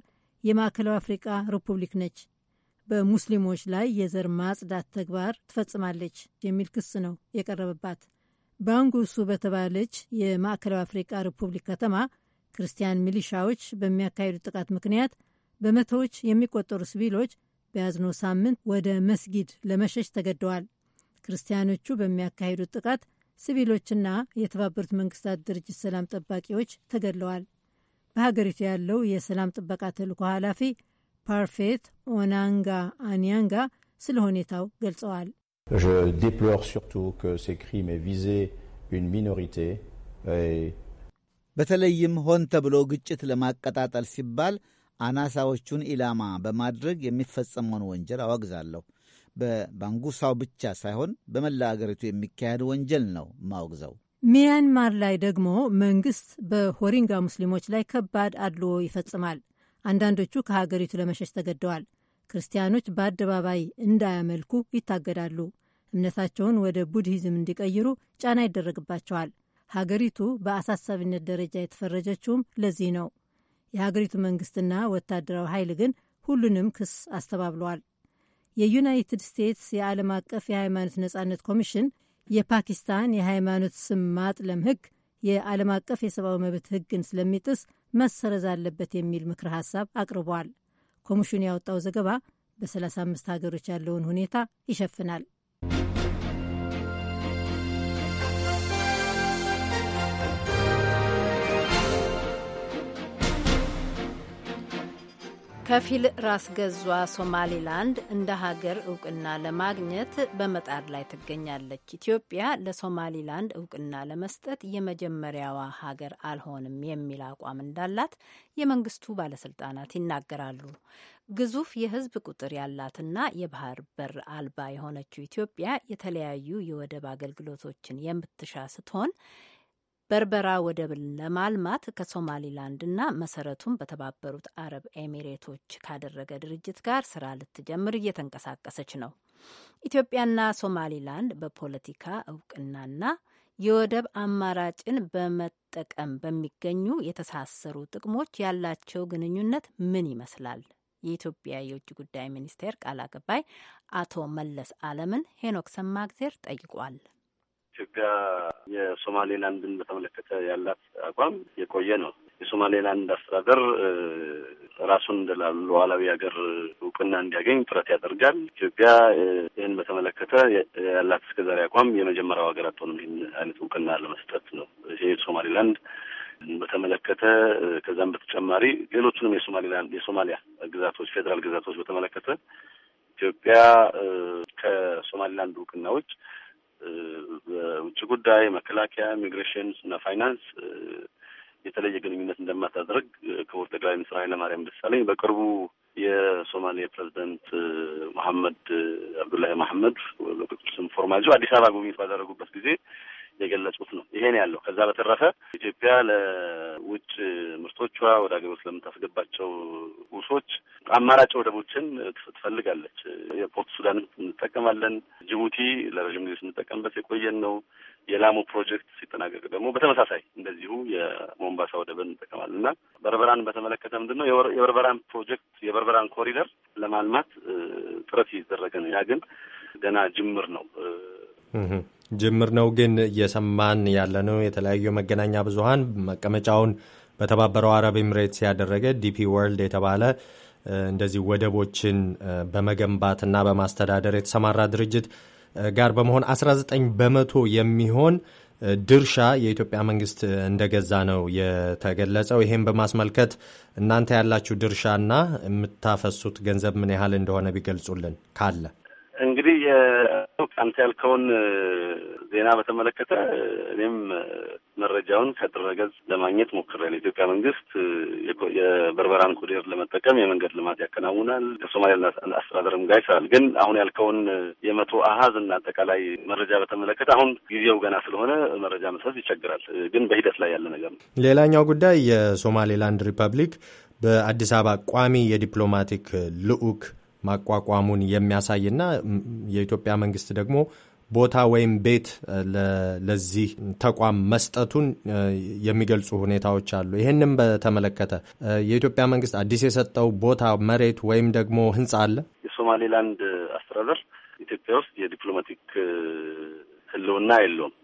የማዕከላዊ አፍሪቃ ሪፑብሊክ ነች። በሙስሊሞች ላይ የዘር ማጽዳት ተግባር ትፈጽማለች የሚል ክስ ነው የቀረበባት። ባንጉሱ በተባለች የማዕከላዊ አፍሪቃ ሪፑብሊክ ከተማ ክርስቲያን ሚሊሻዎች በሚያካሂዱ ጥቃት ምክንያት በመቶዎች የሚቆጠሩ ሲቪሎች በያዝነው ሳምንት ወደ መስጊድ ለመሸሽ ተገደዋል። ክርስቲያኖቹ በሚያካሂዱት ጥቃት ሲቪሎችና የተባበሩት መንግስታት ድርጅት ሰላም ጠባቂዎች ተገድለዋል። በሀገሪቱ ያለው የሰላም ጥበቃ ተልዕኮ ኃላፊ ፓርፌት ኦናንጋ አንያንጋ ስለ ሁኔታው ገልጸዋል። በተለይም ሆን ተብሎ ግጭት ለማቀጣጠል ሲባል አናሳዎቹን ኢላማ በማድረግ የሚፈጸመውን ወንጀል አወግዛለሁ። በባንጉሳው ብቻ ሳይሆን በመላ አገሪቱ የሚካሄድ ወንጀል ነው ማውግዘው። ሚያንማር ላይ ደግሞ መንግስት በሆሪንጋ ሙስሊሞች ላይ ከባድ አድልዎ ይፈጽማል። አንዳንዶቹ ከሀገሪቱ ለመሸሽ ተገደዋል። ክርስቲያኖች በአደባባይ እንዳያመልኩ ይታገዳሉ። እምነታቸውን ወደ ቡድሂዝም እንዲቀይሩ ጫና ይደረግባቸዋል። ሀገሪቱ በአሳሳቢነት ደረጃ የተፈረጀችውም ለዚህ ነው። የሀገሪቱ መንግስትና ወታደራዊ ኃይል ግን ሁሉንም ክስ አስተባብለዋል። የዩናይትድ ስቴትስ የዓለም አቀፍ የሃይማኖት ነጻነት ኮሚሽን የፓኪስታን የሃይማኖት ስም ማጥለም ህግ የዓለም አቀፍ የሰብአዊ መብት ህግን ስለሚጥስ መሰረዝ አለበት የሚል ምክር ሀሳብ አቅርቧል። ኮሚሽኑ ያወጣው ዘገባ በ35 ሀገሮች ያለውን ሁኔታ ይሸፍናል። ከፊል ራስ ገዟ ሶማሊላንድ እንደ ሀገር እውቅና ለማግኘት በመጣር ላይ ትገኛለች። ኢትዮጵያ ለሶማሊላንድ እውቅና ለመስጠት የመጀመሪያዋ ሀገር አልሆንም የሚል አቋም እንዳላት የመንግስቱ ባለስልጣናት ይናገራሉ። ግዙፍ የህዝብ ቁጥር ያላትና የባህር በር አልባ የሆነችው ኢትዮጵያ የተለያዩ የወደብ አገልግሎቶችን የምትሻ ስትሆን በርበራ ወደብን ለማልማት ከሶማሊላንድ እና መሰረቱን በተባበሩት አረብ ኤሚሬቶች ካደረገ ድርጅት ጋር ስራ ልትጀምር እየተንቀሳቀሰች ነው። ኢትዮጵያና ሶማሊላንድ በፖለቲካ እውቅናና የወደብ አማራጭን በመጠቀም በሚገኙ የተሳሰሩ ጥቅሞች ያላቸው ግንኙነት ምን ይመስላል? የኢትዮጵያ የውጭ ጉዳይ ሚኒስቴር ቃል አቀባይ አቶ መለስ አለምን ሄኖክ ሰማግዜር ጠይቋል። ኢትዮጵያ የሶማሌላንድን በተመለከተ ያላት አቋም የቆየ ነው። የሶማሌላንድ አስተዳደር ራሱን እንደላሉ ሉዓላዊ ሀገር እውቅና እንዲያገኝ ጥረት ያደርጋል። ኢትዮጵያ ይህን በተመለከተ ያላት እስከዛሬ አቋም የመጀመሪያው ሀገር አትሆንም ይህን አይነት እውቅና ለመስጠት ነው። ይሄ ሶማሌላንድ በተመለከተ ከዛም በተጨማሪ ሌሎቹንም የሶማሌላንድ የሶማሊያ ግዛቶች ፌዴራል ግዛቶች በተመለከተ ኢትዮጵያ ከሶማሌላንድ እውቅና ውጭ በውጭ ጉዳይ፣ መከላከያ፣ ኢሚግሬሽን እና ፋይናንስ የተለየ ግንኙነት እንደማታደርግ ክቡር ጠቅላይ ሚኒስትር ኃይለማርያም ደሳለኝ በቅርቡ የሶማሌ ፕሬዚደንት መሐመድ አብዱላሂ መሐመድ በቅጽል ስም ፎርማጆ አዲስ አበባ ጉብኝት ባደረጉበት ጊዜ የገለጹት ነው። ይሄን ያለው ከዛ በተረፈ ኢትዮጵያ ለውጭ ምርቶቿ ወደ ሀገር ውስጥ ለምታስገባቸው ውሶች አማራጭ ወደቦችን ትፈልጋለች። የፖርት ሱዳን እንጠቀማለን። ጅቡቲ ለረዥም ጊዜ ስንጠቀምበት የቆየን ነው። የላሙ ፕሮጀክት ሲጠናቀቅ ደግሞ በተመሳሳይ እንደዚሁ የሞምባሳ ወደብን እንጠቀማለን እና በርበራን በተመለከተ ምንድን ነው የበርበራን ፕሮጀክት የበርበራን ኮሪደር ለማልማት ጥረት እየተደረገ ነው። ያ ግን ገና ጅምር ነው። ጅምር ነው። ግን እየሰማን ነው የተለያዩ የመገናኛ ብዙሃን መቀመጫውን በተባበረው አረብ ኤምሬትስ ያደረገ ዲፒ ወርልድ የተባለ እንደዚህ ወደቦችን በመገንባትና በማስተዳደር የተሰማራ ድርጅት ጋር በመሆን 19 በመቶ የሚሆን ድርሻ የኢትዮጵያ መንግስት እንደገዛ ነው የተገለጸው። ይህም በማስመልከት እናንተ ያላችሁ ድርሻና የምታፈሱት ገንዘብ ምን ያህል እንደሆነ ቢገልጹልን ካለ እንግዲህ አንተ ያልከውን ዜና በተመለከተ እኔም መረጃውን ከድረ ገጽ ለማግኘት ሞክሬያለሁ። የኢትዮጵያ መንግስት የበርበራን ኮሪደር ለመጠቀም የመንገድ ልማት ያከናውናል፣ ከሶማሌ አስተዳደርም ጋር ይሰራል። ግን አሁን ያልከውን የመቶ አሀዝ እና አጠቃላይ መረጃ በተመለከተ አሁን ጊዜው ገና ስለሆነ መረጃ መስጠት ይቸግራል። ግን በሂደት ላይ ያለ ነገር ነው። ሌላኛው ጉዳይ የሶማሌላንድ ሪፐብሊክ በአዲስ አበባ ቋሚ የዲፕሎማቲክ ልዑክ ማቋቋሙን የሚያሳይና የኢትዮጵያ መንግስት ደግሞ ቦታ ወይም ቤት ለዚህ ተቋም መስጠቱን የሚገልጹ ሁኔታዎች አሉ። ይህንም በተመለከተ የኢትዮጵያ መንግስት አዲስ የሰጠው ቦታ መሬት ወይም ደግሞ ህንፃ አለ። የሶማሌላንድ አስተዳደር ኢትዮጵያ ውስጥ የዲፕሎማቲክ ህልውና የለውም።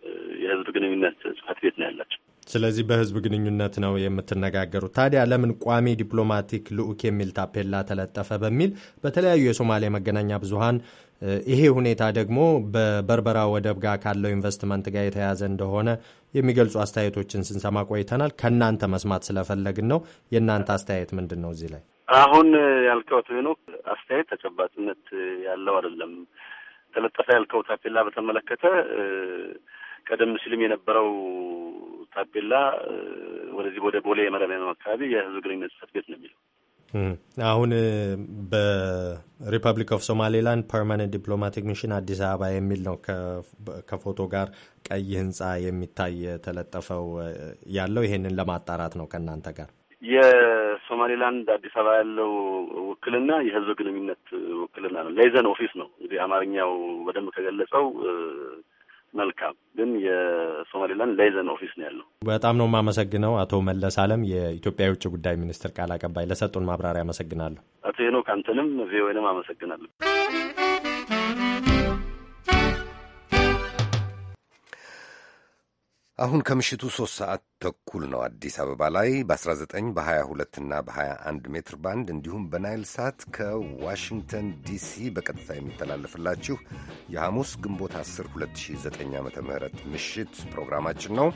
የህዝብ ግንኙነት ጽፈት ቤት ነው ያላቸው። ስለዚህ በህዝብ ግንኙነት ነው የምትነጋገሩት። ታዲያ ለምን ቋሚ ዲፕሎማቲክ ልዑክ የሚል ታፔላ ተለጠፈ? በሚል በተለያዩ የሶማሌ መገናኛ ብዙሃን ይሄ ሁኔታ ደግሞ በበርበራ ወደብ ጋር ካለው ኢንቨስትመንት ጋር የተያያዘ እንደሆነ የሚገልጹ አስተያየቶችን ስንሰማ ቆይተናል። ከእናንተ መስማት ስለፈለግን ነው። የእናንተ አስተያየት ምንድን ነው እዚህ ላይ? አሁን ያልከው ሄኖክ አስተያየት ተጨባጭነት ያለው አይደለም። ተለጠፈ ያልከው ታፔላ በተመለከተ ቀደም ሲልም የነበረው ታፔላ ወደዚህ ወደ ቦሌ መረሚያ አካባቢ የህዝብ ግንኙነት ጽሕፈት ቤት ነው የሚለው። አሁን በሪፐብሊክ ኦፍ ሶማሌላንድ ፐርማነንት ዲፕሎማቲክ ሚሽን አዲስ አበባ የሚል ነው ከፎቶ ጋር ቀይ ህንፃ የሚታይ የተለጠፈው ያለው። ይሄንን ለማጣራት ነው ከእናንተ ጋር የሶማሌላንድ አዲስ አበባ ያለው ውክልና የህዝብ ግንኙነት ውክልና ነው። ሌይዘን ኦፊስ ነው እንግዲህ አማርኛው በደንብ ከገለጸው መልካም ግን የሶማሌላንድ ላይዘን ኦፊስ ነው ያለው። በጣም ነው የማመሰግነው አቶ መለስ አለም የኢትዮጵያ የውጭ ጉዳይ ሚኒስትር ቃል አቀባይ ለሰጡን ማብራሪያ አመሰግናለሁ። አቶ ሄኖክ አንተንም ቪኦኤንም አመሰግናለሁ። አሁን ከምሽቱ ሦስት ሰዓት ተኩል ነው አዲስ አበባ ላይ በ19 በ22 እና በ21 ሜትር ባንድ እንዲሁም በናይል ሳት ከዋሽንግተን ዲሲ በቀጥታ የሚተላለፍላችሁ የሐሙስ ግንቦት 10 2009 ዓ ም ምሽት ፕሮግራማችን ነው።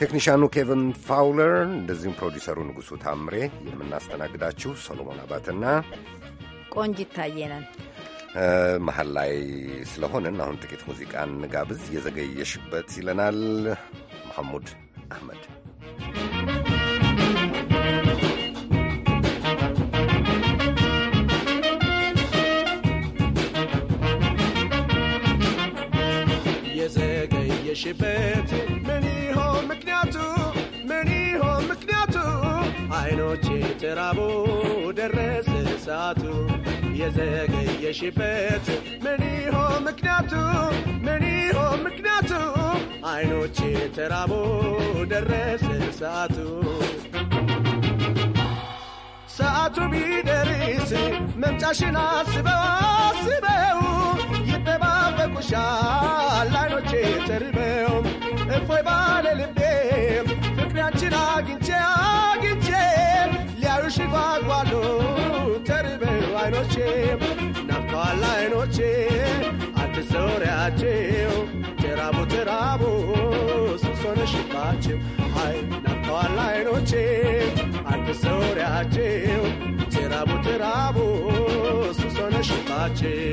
ቴክኒሽያኑ ኬቨን ፋውለር እንደዚሁም ፕሮዲሰሩ ንጉሡ ታምሬ የምናስተናግዳችሁ ሰሎሞን አባትና ቆንጂት ታየ ነን። መሀል ላይ ስለሆንን አሁን ጥቂት ሙዚቃ እንጋብዝ። የዘገየሽበት ይለናል መሐሙድ አህመድ። የዘገየሽበት ምን ይሆን ምክንያቱ? ምን ይሆን ምክንያቱ? አይኖች ተራቦ ደረሰ ሰዓቱ የዘገየሽበት ምን ይሆን ምክንያቱ? ምን ይሆን ምክንያቱ? አይኖቼ ተራቦ ደረሰ ሰዓቱ ሰዓቱ ቢደርስ መምጫሽን አስበው አስበው ይጠባበቁሻል አይኖቼ ተርበው እፎይ ባለ ልቤም ፍቅሬ አግኝቼ አግኝቼ ተሽጓጓሉ ተርበው አይኖቼ ናፍቀዋል አይኖቼ አዲስ ዙሪያቸው ተራቡ ተራቡ ሱሶነሽባቸው አይ ናፍቀዋል አይኖቼ አዲስ ዙሪያቸው ተራቡ ተራቡ ሱሶነሽባቸው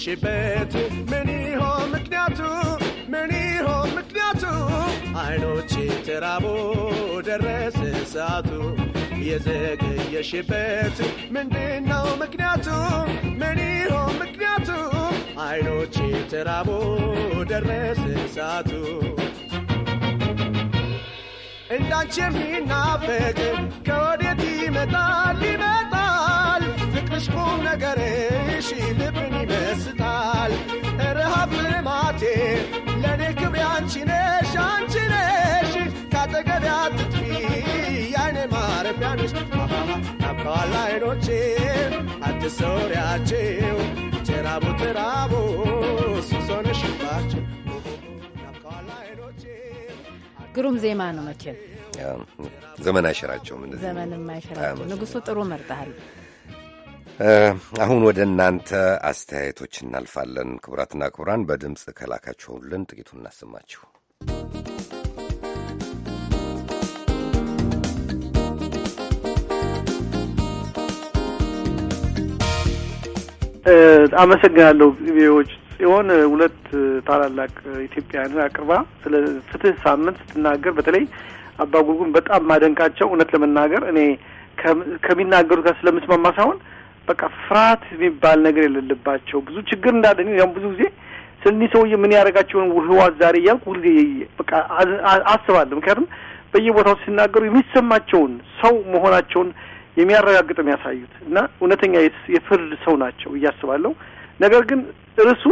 የሽበት ምን ይሆን ምክንያቱ? ምን ይሆን ምክንያቱ? አይኖች ተራቦ ደረሰ ሰዓቱ የዘገየሽበት ምንድነው ምክንያቱ? ምን ይሆን ምክንያቱ? አይኖች ተራቦ ደረሰ ሰዓቱ እንዳንቺ የሚናፈቅ ከወዴት ይመጣል ይመጣል ትንሽ ቁም ነገርሽ ልብን ይመስጣል ረሃብ ልማቴ ለእኔ ክብሬ አንቺ ነሽ አንቺ ነሽ ካጠገቤ አትጥፊ ያይኔ ማረፊያ ነሽ ናባዋላ አይኖቼ አትሰውሪያቸው ተራቡ ተራቡ ሱሶነሽባቸው ግሩም ዜማ ነው መቼም ዘመን አይሽራቸውም። ዘመንም አይሽራቸው። ንጉሱ ጥሩ መርጠሃል። አሁን ወደ እናንተ አስተያየቶች እናልፋለን። ክቡራትና ክቡራን በድምፅ ከላካችሁልን ጥቂቱን እናሰማችሁ። አመሰግናለሁ። ቪዎች ጽዮን ሁለት ታላላቅ ኢትዮጵያውያንን አቅርባ ስለ ፍትህ ሳምንት ስትናገር በተለይ አባ በጣም ማደንቃቸው እውነት ለመናገር እኔ ከሚናገሩት ጋር ስለምስማማ ሳይሆን በቃ ፍርሃት የሚባል ነገር የሌለባቸው ብዙ ችግር እንዳለ ያም ብዙ ጊዜ ስለዚህ ሰውዬ ምን ያደረጋቸውን ህዋት ዛሬ እያልኩ ሁልጊዜ በቃ አስባለሁ። ምክንያቱም በየቦታው ሲናገሩ የሚሰማቸውን ሰው መሆናቸውን የሚያረጋግጥ የሚያሳዩት እና እውነተኛ የፍርድ ሰው ናቸው እያስባለሁ። ነገር ግን ርሱ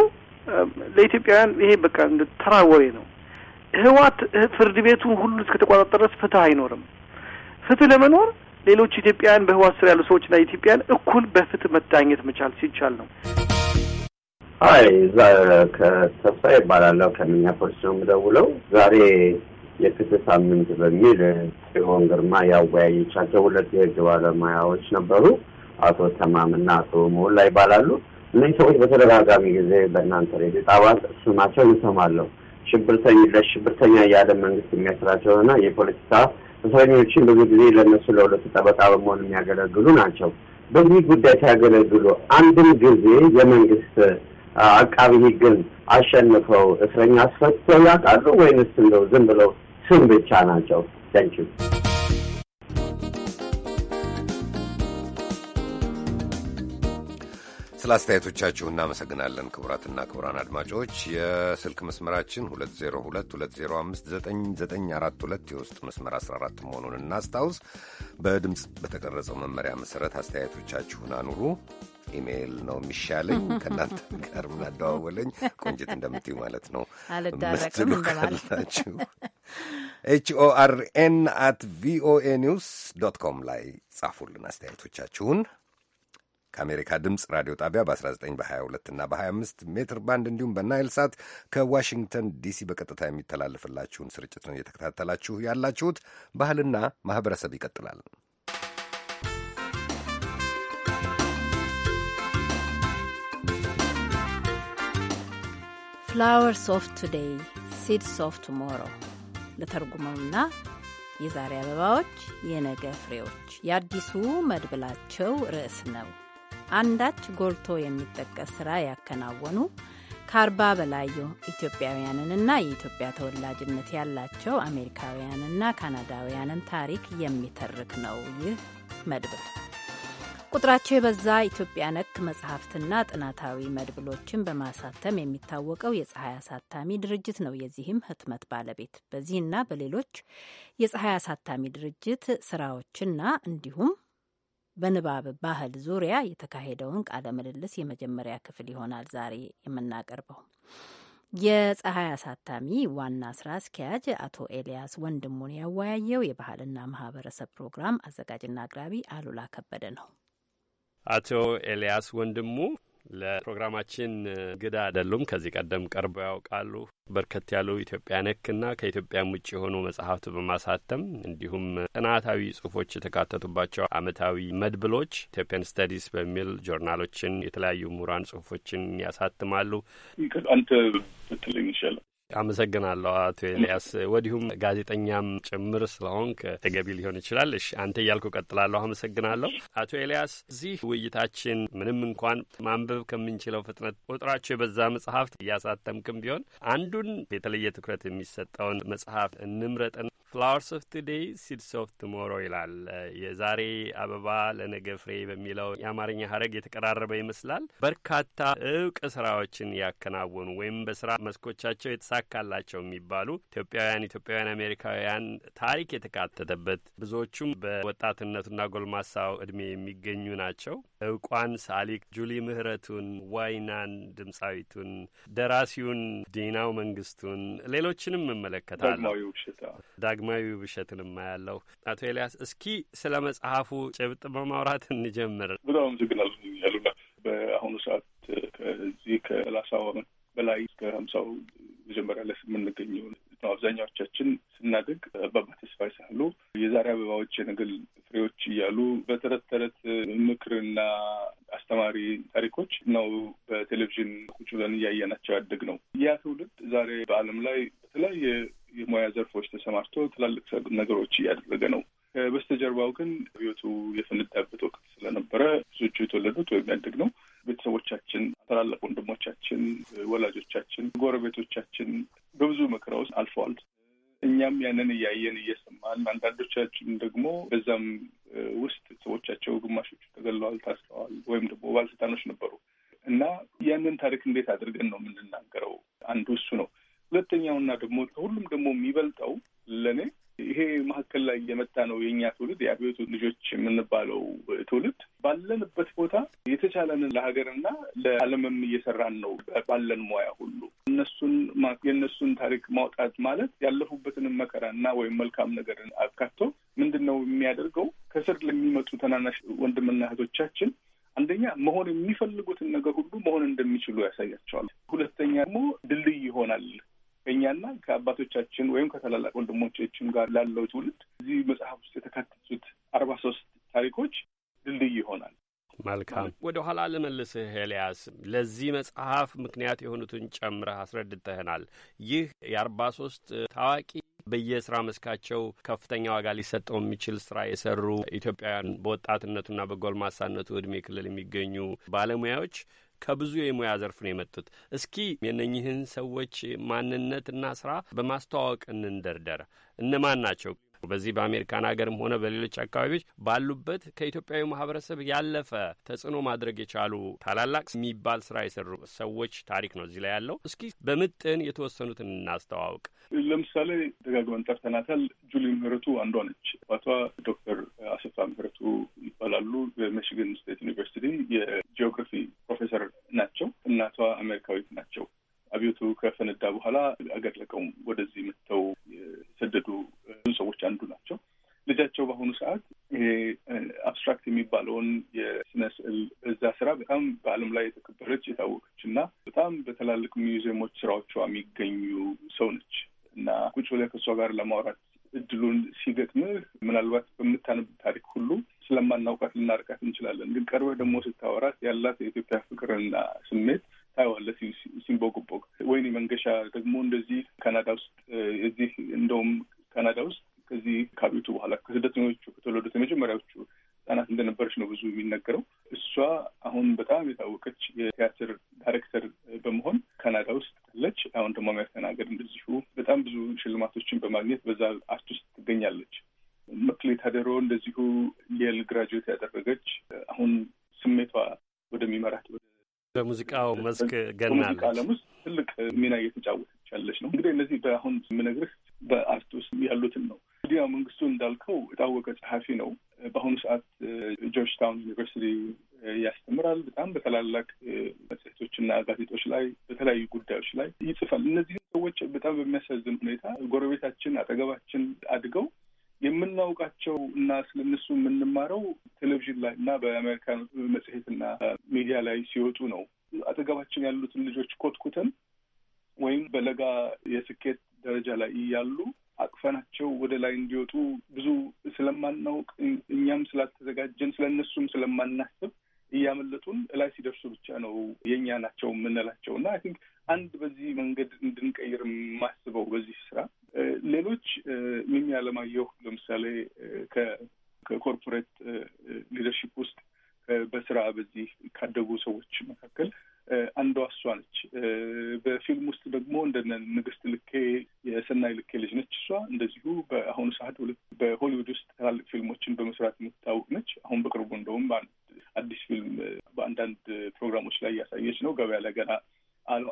ለኢትዮጵያውያን ይሄ በቃ እንደ ተራ ወሬ ነው። ህዋት ፍርድ ቤቱን ሁሉ እስከተቆጣጠረ ፍትህ አይኖርም። ፍትህ ለመኖር ሌሎች ኢትዮጵያውያን በህወሓት ስር ያሉ ሰዎችና ኢትዮጵያውያን እኩል በፍትህ መዳኘት መቻል ሲቻል ነው። አይ እዛ ከተስፋ ይባላለሁ ከሚኒያፖሊስ ነው የምደውለው። ዛሬ የፍትህ ሳምንት በሚል ጽዮን ግርማ ያወያየቻቸው ሁለት የህግ ባለሙያዎች ነበሩ። አቶ ተማምና አቶ ሞላ ይባላሉ። እነዚህ ሰዎች በተደጋጋሚ ጊዜ በእናንተ ሬዲዮ ጣቢያ ስማቸው እንሰማለሁ። ሽብርተኝ ለሽብርተኛ እያለ መንግስት የሚያስራቸውና የፖለቲካ እስረኞችን ብዙ ጊዜ ለእነሱ ለሁለት ጠበቃ በመሆን የሚያገለግሉ ናቸው። በዚህ ጉዳይ ሲያገለግሉ አንድም ጊዜ የመንግስት አቃቢ ሕግን አሸንፈው እስረኛ አስፈተው ያውቃሉ ወይንስ እንደው ዝም ብለው ስም ብቻ ናቸው? ተንኪው ስለ አስተያየቶቻችሁ እናመሰግናለን። ክቡራትና ክቡራን አድማጮች የስልክ መስመራችን 2022059942 የውስጥ መስመር 14 መሆኑን እናስታውስ። በድምፅ በተቀረጸው መመሪያ መሰረት አስተያየቶቻችሁን አኑሩ። ኢሜይል ነው የሚሻለኝ። ከእናንተ ጋር ምናደዋወለኝ ቆንጅት እንደምትዩ ማለት ነው ምስትሉ ካላችሁ ኤችኦአርኤን አት ቪኦኤ ኒውስ ዶት ኮም ላይ ጻፉልን አስተያየቶቻችሁን። ከአሜሪካ ድምፅ ራዲዮ ጣቢያ በ19 በ22 እና በ25 ሜትር ባንድ እንዲሁም በናይል ሳት ከዋሽንግተን ዲሲ በቀጥታ የሚተላለፍላችሁን ስርጭት ነው እየተከታተላችሁ ያላችሁት። ባህልና ማህበረሰብ ይቀጥላል። ፍላወርስ ኦፍ ቱዴይ ሲድስ ኦፍ ቱሞሮ ለተርጉመውና የዛሬ አበባዎች የነገ ፍሬዎች የአዲሱ መድብላቸው ርዕስ ነው። አንዳች ጎልቶ የሚጠቀስ ስራ ያከናወኑ ከአርባ በላይ ኢትዮጵያውያንንና የኢትዮጵያ ተወላጅነት ያላቸው አሜሪካውያንና ካናዳውያንን ታሪክ የሚተርክ ነው ይህ መድብል። ቁጥራቸው የበዛ ኢትዮጵያ ነክ መጽሐፍትና ጥናታዊ መድብሎችን በማሳተም የሚታወቀው የፀሐይ አሳታሚ ድርጅት ነው የዚህም ህትመት ባለቤት። በዚህና በሌሎች የፀሐይ አሳታሚ ድርጅት ስራዎችና እንዲሁም በንባብ ባህል ዙሪያ የተካሄደውን ቃለ ምልልስ የመጀመሪያ ክፍል ይሆናል ዛሬ የምናቀርበው። የፀሐይ አሳታሚ ዋና ስራ አስኪያጅ አቶ ኤልያስ ወንድሙን ያወያየው የባህልና ማህበረሰብ ፕሮግራም አዘጋጅና አቅራቢ አሉላ ከበደ ነው። አቶ ኤልያስ ወንድሙ ለፕሮግራማችን እንግዳ አይደሉም። ከዚህ ቀደም ቀርበው ያውቃሉ። በርከት ያሉ ኢትዮጵያ ነክና ከኢትዮጵያም ውጭ የሆኑ መጽሐፍት በማሳተም እንዲሁም ጥናታዊ ጽሁፎች የተካተቱባቸው አመታዊ መድብሎች ኢትዮጵያን ስተዲስ በሚል ጆርናሎችን የተለያዩ ምሁራን ጽሁፎችን ያሳትማሉ። አንተ ብትለኝ ይሻላል። አመሰግናለሁ አቶ ኤልያስ ወዲሁም ጋዜጠኛም ጭምር ስለሆንክ ተገቢ ሊሆን ይችላል። እሺ አንተ እያልኩ ቀጥላለሁ። አመሰግናለሁ አቶ ኤልያስ። እዚህ ውይይታችን ምንም እንኳን ማንበብ ከምንችለው ፍጥነት ቁጥራቸው የበዛ መጽሐፍት እያሳተምክም ቢሆን አንዱን የተለየ ትኩረት የሚሰጠውን መጽሐፍ እንምረጥን ፍላወርስ ኦፍ ቱዴይ ሲድስ ኦፍ ቱሞሮ ይላል። የዛሬ አበባ ለነገ ፍሬ በሚለው የአማርኛ ሀረግ የተቀራረበ ይመስላል። በርካታ እውቅ ስራዎችን ያከናወኑ ወይም በስራ መስኮቻቸው የተሳካላቸው የሚባሉ ኢትዮጵያውያን ኢትዮጵያውያን አሜሪካውያን ታሪክ የተካተተበት ብዙዎቹም በወጣትነቱና ጎልማሳው እድሜ የሚገኙ ናቸው። እውቋን ሳሊክ ጁሊ ምህረቱን፣ ዋይናን ድምፃዊቱን፣ ደራሲውን ዲናው መንግስቱን፣ ሌሎችንም እመለከታለሁ። ግርማዊ ውብሸትንም ማያለሁ። አቶ ኤልያስ እስኪ ስለ መጽሐፉ ጭብጥ በማውራት እንጀምር። በጣም አመሰግናለሁ ያሉላ። በአሁኑ ሰዓት ከዚህ ከሰላሳው አመት በላይ እስከ ሀምሳው መጀመሪያ ላይ የምንገኘው አብዛኛዎቻችን ስናደግ አባባ ተስፋዬ ሳህሉ የዛሬ አበባዎች የነገል ለዚህ መጽሐፍ ምክንያት የሆኑትን ጨምረህ አስረድተህናል። ይህ የአርባ ሶስት ታዋቂ በየስራ መስካቸው ከፍተኛ ዋጋ ሊሰጠው የሚችል ስራ የሰሩ ኢትዮጵያውያን በወጣትነቱና በጎልማሳነቱ እድሜ ክልል የሚገኙ ባለሙያዎች ከብዙ የሙያ ዘርፍ ነው የመጡት። እስኪ የነኝህን ሰዎች ማንነትና ስራ በማስተዋወቅ እንንደርደር። እነማን ናቸው? በዚህ በአሜሪካን ሀገርም ሆነ በሌሎች አካባቢዎች ባሉበት ከኢትዮጵያዊ ማህበረሰብ ያለፈ ተጽዕኖ ማድረግ የቻሉ ታላላቅ የሚባል ስራ የሰሩ ሰዎች ታሪክ ነው እዚህ ላይ ያለው። እስኪ በምጥን የተወሰኑትን እናስተዋውቅ። ለምሳሌ ደጋግመን ጠርተናታል። ጁሊ ምህረቱ አንዷ ነች። አባቷ ዶክተር አሰፋ ምህረቱ ይባላሉ። በሚሽገን ስቴት ዩኒቨርሲቲ የጂኦግራፊ ፕሮፌሰር ናቸው። እናቷ አሜሪካዊት ናቸው። አብዮቱ ከፈነዳ በኋላ አገር ለቀው ወደዚህ መጥተው የሰደዱ ብዙ ሰዎች አንዱ ናቸው። ልጃቸው በአሁኑ ሰዓት ይሄ አብስትራክት የሚባለውን የስነ ስዕል በዛ ስራ በጣም በዓለም ላይ የተከበረች የታወቀች እና በጣም በትላልቅ ሚውዚየሞች ስራዎቿ የሚገኙ ሰው ነች እና ቁጭ ብለህ ከእሷ ጋር ለማውራት እድሉን ሲገጥምህ ምናልባት በምታነብ ታሪክ ሁሉ ስለማናውቃት ልናርቃት እንችላለን። ግን ቀርበህ ደግሞ ስታወራት ያላት የኢትዮጵያ ፍቅርና ስሜት ታየዋለህ ቦቅ። ወይኔ መንገሻ ደግሞ እንደዚህ ካናዳ ውስጥ እዚህ እንደውም ካናዳ ውስጥ ከዚህ ከአብዮቱ በኋላ ከስደተኞቹ ከተወለዱት የመጀመሪያዎቹ ህጻናት እንደነበረች ነው ብዙ የሚነገረው። እሷ አሁን በጣም የታወቀች የቲያትር ዳይሬክተር በመሆን ካናዳ ውስጥ አለች። አሁን ደግሞ የሚያስተናገድ እንደዚሁ በጣም ብዙ ሽልማቶችን በማግኘት በዛ አርት ውስጥ ትገኛለች። መክሌ ታደሮ እንደዚሁ ሊየል ግራጁዌት ያደረገች አሁን ስሜቷ ወደሚመራት ወደ በሙዚቃው መስክ ገና ዓለም ውስጥ ትልቅ ሚና እየተጫወተች ያለች ነው። እንግዲህ እነዚህ በአሁን የምነግርህ በአርት ውስጥ ያሉትን ነው። ዲያ መንግስቱ እንዳልከው የታወቀ ጸሐፊ ነው። በአሁኑ ሰዓት ጆርጅ ታውን ዩኒቨርሲቲ ያስተምራል። በጣም በታላላቅ መጽሔቶችና ጋዜጦች ላይ በተለያዩ ጉዳዮች ላይ ይጽፋል። እነዚህን ሰዎች በጣም በሚያሳዝን ሁኔታ ጎረቤታችን አጠገባችን አድገው የምናውቃቸው እና ስለነሱ የምንማረው ቴሌቪዥን ላይ እና በአሜሪካን መጽሔትና ሚዲያ ላይ ሲወጡ ነው። አጠገባችን ያሉትን ልጆች ኮትኩተን ወይም በለጋ የስኬት ደረጃ ላይ እያሉ አቅፈናቸው ወደ ላይ እንዲወጡ ብዙ ስለማናውቅ እኛም ስላልተዘጋጀን ስለነሱም ስለማናስብ እያመለጡን እላይ ሲደርሱ ብቻ ነው የእኛ ናቸው የምንላቸው እና አይ ቲንክ አንድ በዚህ መንገድ እንድንቀይር የማስበው በዚህ ስራ ሌሎች ሚሚ አለማየሁ ለምሳሌ ከኮርፖሬት ሊደርሽፕ ውስጥ በስራ በዚህ ካደጉ ሰዎች መካከል አንዷ እሷ ነች። በፊልም ውስጥ ደግሞ እንደ ንግስት ልኬ የሰናይ ልኬ ልጅ ነች። እሷ እንደዚሁ በአሁኑ ሰዓት በሆሊውድ ውስጥ ትላልቅ ፊልሞችን በመስራት የምትታወቅ ነች። አሁን በቅርቡ እንደውም አዲስ ፊልም በአንዳንድ ፕሮግራሞች ላይ እያሳየች ነው። ገበያ ላይ ገና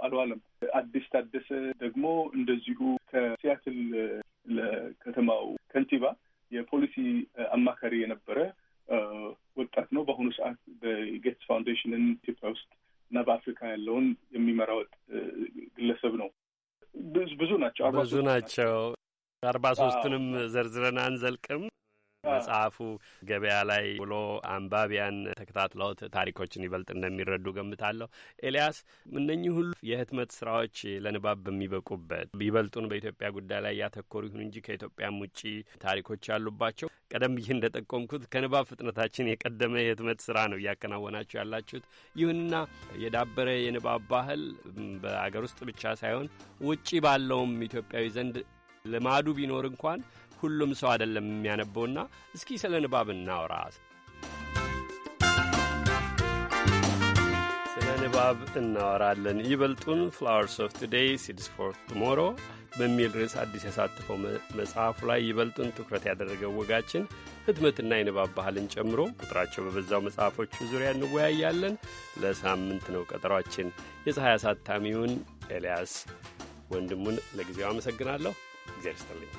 አልዋለም። አዲስ ታደሰ ደግሞ እንደዚሁ ከሲያትል ለከተማው ከንቲባ የፖሊሲ አማካሪ የነበረ ወጣት ነው። በአሁኑ ሰዓት በጌትስ ፋውንዴሽንን ኢትዮጵያ ውስጥ እና በአፍሪካ ያለውን የሚመራ ወጥ ግለሰብ ነው። ብዙ ናቸው፣ ብዙ ናቸው። አርባ ሶስቱንም ዘርዝረን አንዘልቅም። መጽሐፉ ገበያ ላይ ውሎ አንባቢያን ተከታትለውት ታሪኮችን ይበልጥ እንደሚረዱ ገምታለሁ። ኤልያስ፣ እነኚህ ሁሉ የህትመት ስራዎች ለንባብ በሚበቁበት ይበልጡን በኢትዮጵያ ጉዳይ ላይ ያተኮሩ ይሁን እንጂ ከኢትዮጵያም ውጭ ታሪኮች ያሉባቸው ቀደም ብዬ እንደጠቆምኩት ከንባብ ፍጥነታችን የቀደመ የህትመት ስራ ነው እያከናወናችሁ ያላችሁት። ይሁንና የዳበረ የንባብ ባህል በአገር ውስጥ ብቻ ሳይሆን ውጪ ባለውም ኢትዮጵያዊ ዘንድ ልማዱ ቢኖር እንኳን ሁሉም ሰው አይደለም የሚያነበውና እስኪ ስለ ንባብ እናውራ። ስለ ንባብ እናወራለን። ይበልጡን ፍላወርስ ኦፍ ቱዴይ ሲድስ ፎር ቱሞሮ በሚል ርዕስ አዲስ ያሳተፈው መጽሐፉ ላይ ይበልጡን ትኩረት ያደረገው ወጋችን ህትመትና የንባብ ባህልን ጨምሮ ቁጥራቸው በበዛው መጽሐፎቹ ዙሪያ እንወያያለን። ለሳምንት ነው ቀጠሯችን። የፀሐይ አሳታሚውን ኤልያስ ወንድሙን ለጊዜው አመሰግናለሁ። እግዚአብሔር ይስጥልኝ።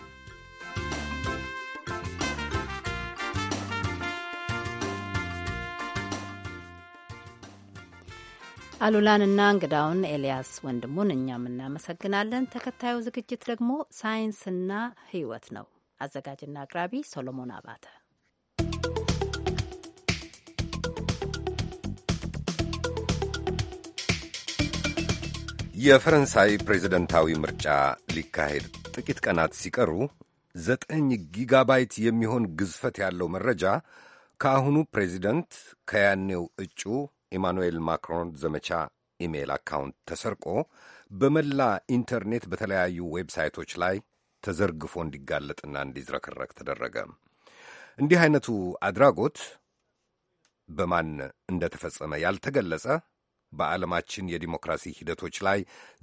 አሉላንና እንግዳውን ኤልያስ ወንድሙን እኛም እናመሰግናለን። ተከታዩ ዝግጅት ደግሞ ሳይንስና ሕይወት ነው። አዘጋጅና አቅራቢ ሶሎሞን አባተ የፈረንሳይ ፕሬዝደንታዊ ምርጫ ሊካሄድ ጥቂት ቀናት ሲቀሩ ዘጠኝ ጊጋባይት የሚሆን ግዝፈት ያለው መረጃ ከአሁኑ ፕሬዚደንት ከያኔው እጩ ኢማኑኤል ማክሮን ዘመቻ ኢሜይል አካውንት ተሰርቆ በመላ ኢንተርኔት በተለያዩ ዌብሳይቶች ላይ ተዘርግፎ እንዲጋለጥና እንዲዝረከረክ ተደረገ። እንዲህ አይነቱ አድራጎት በማን እንደተፈጸመ ያልተገለጸ በዓለማችን የዲሞክራሲ ሂደቶች ላይ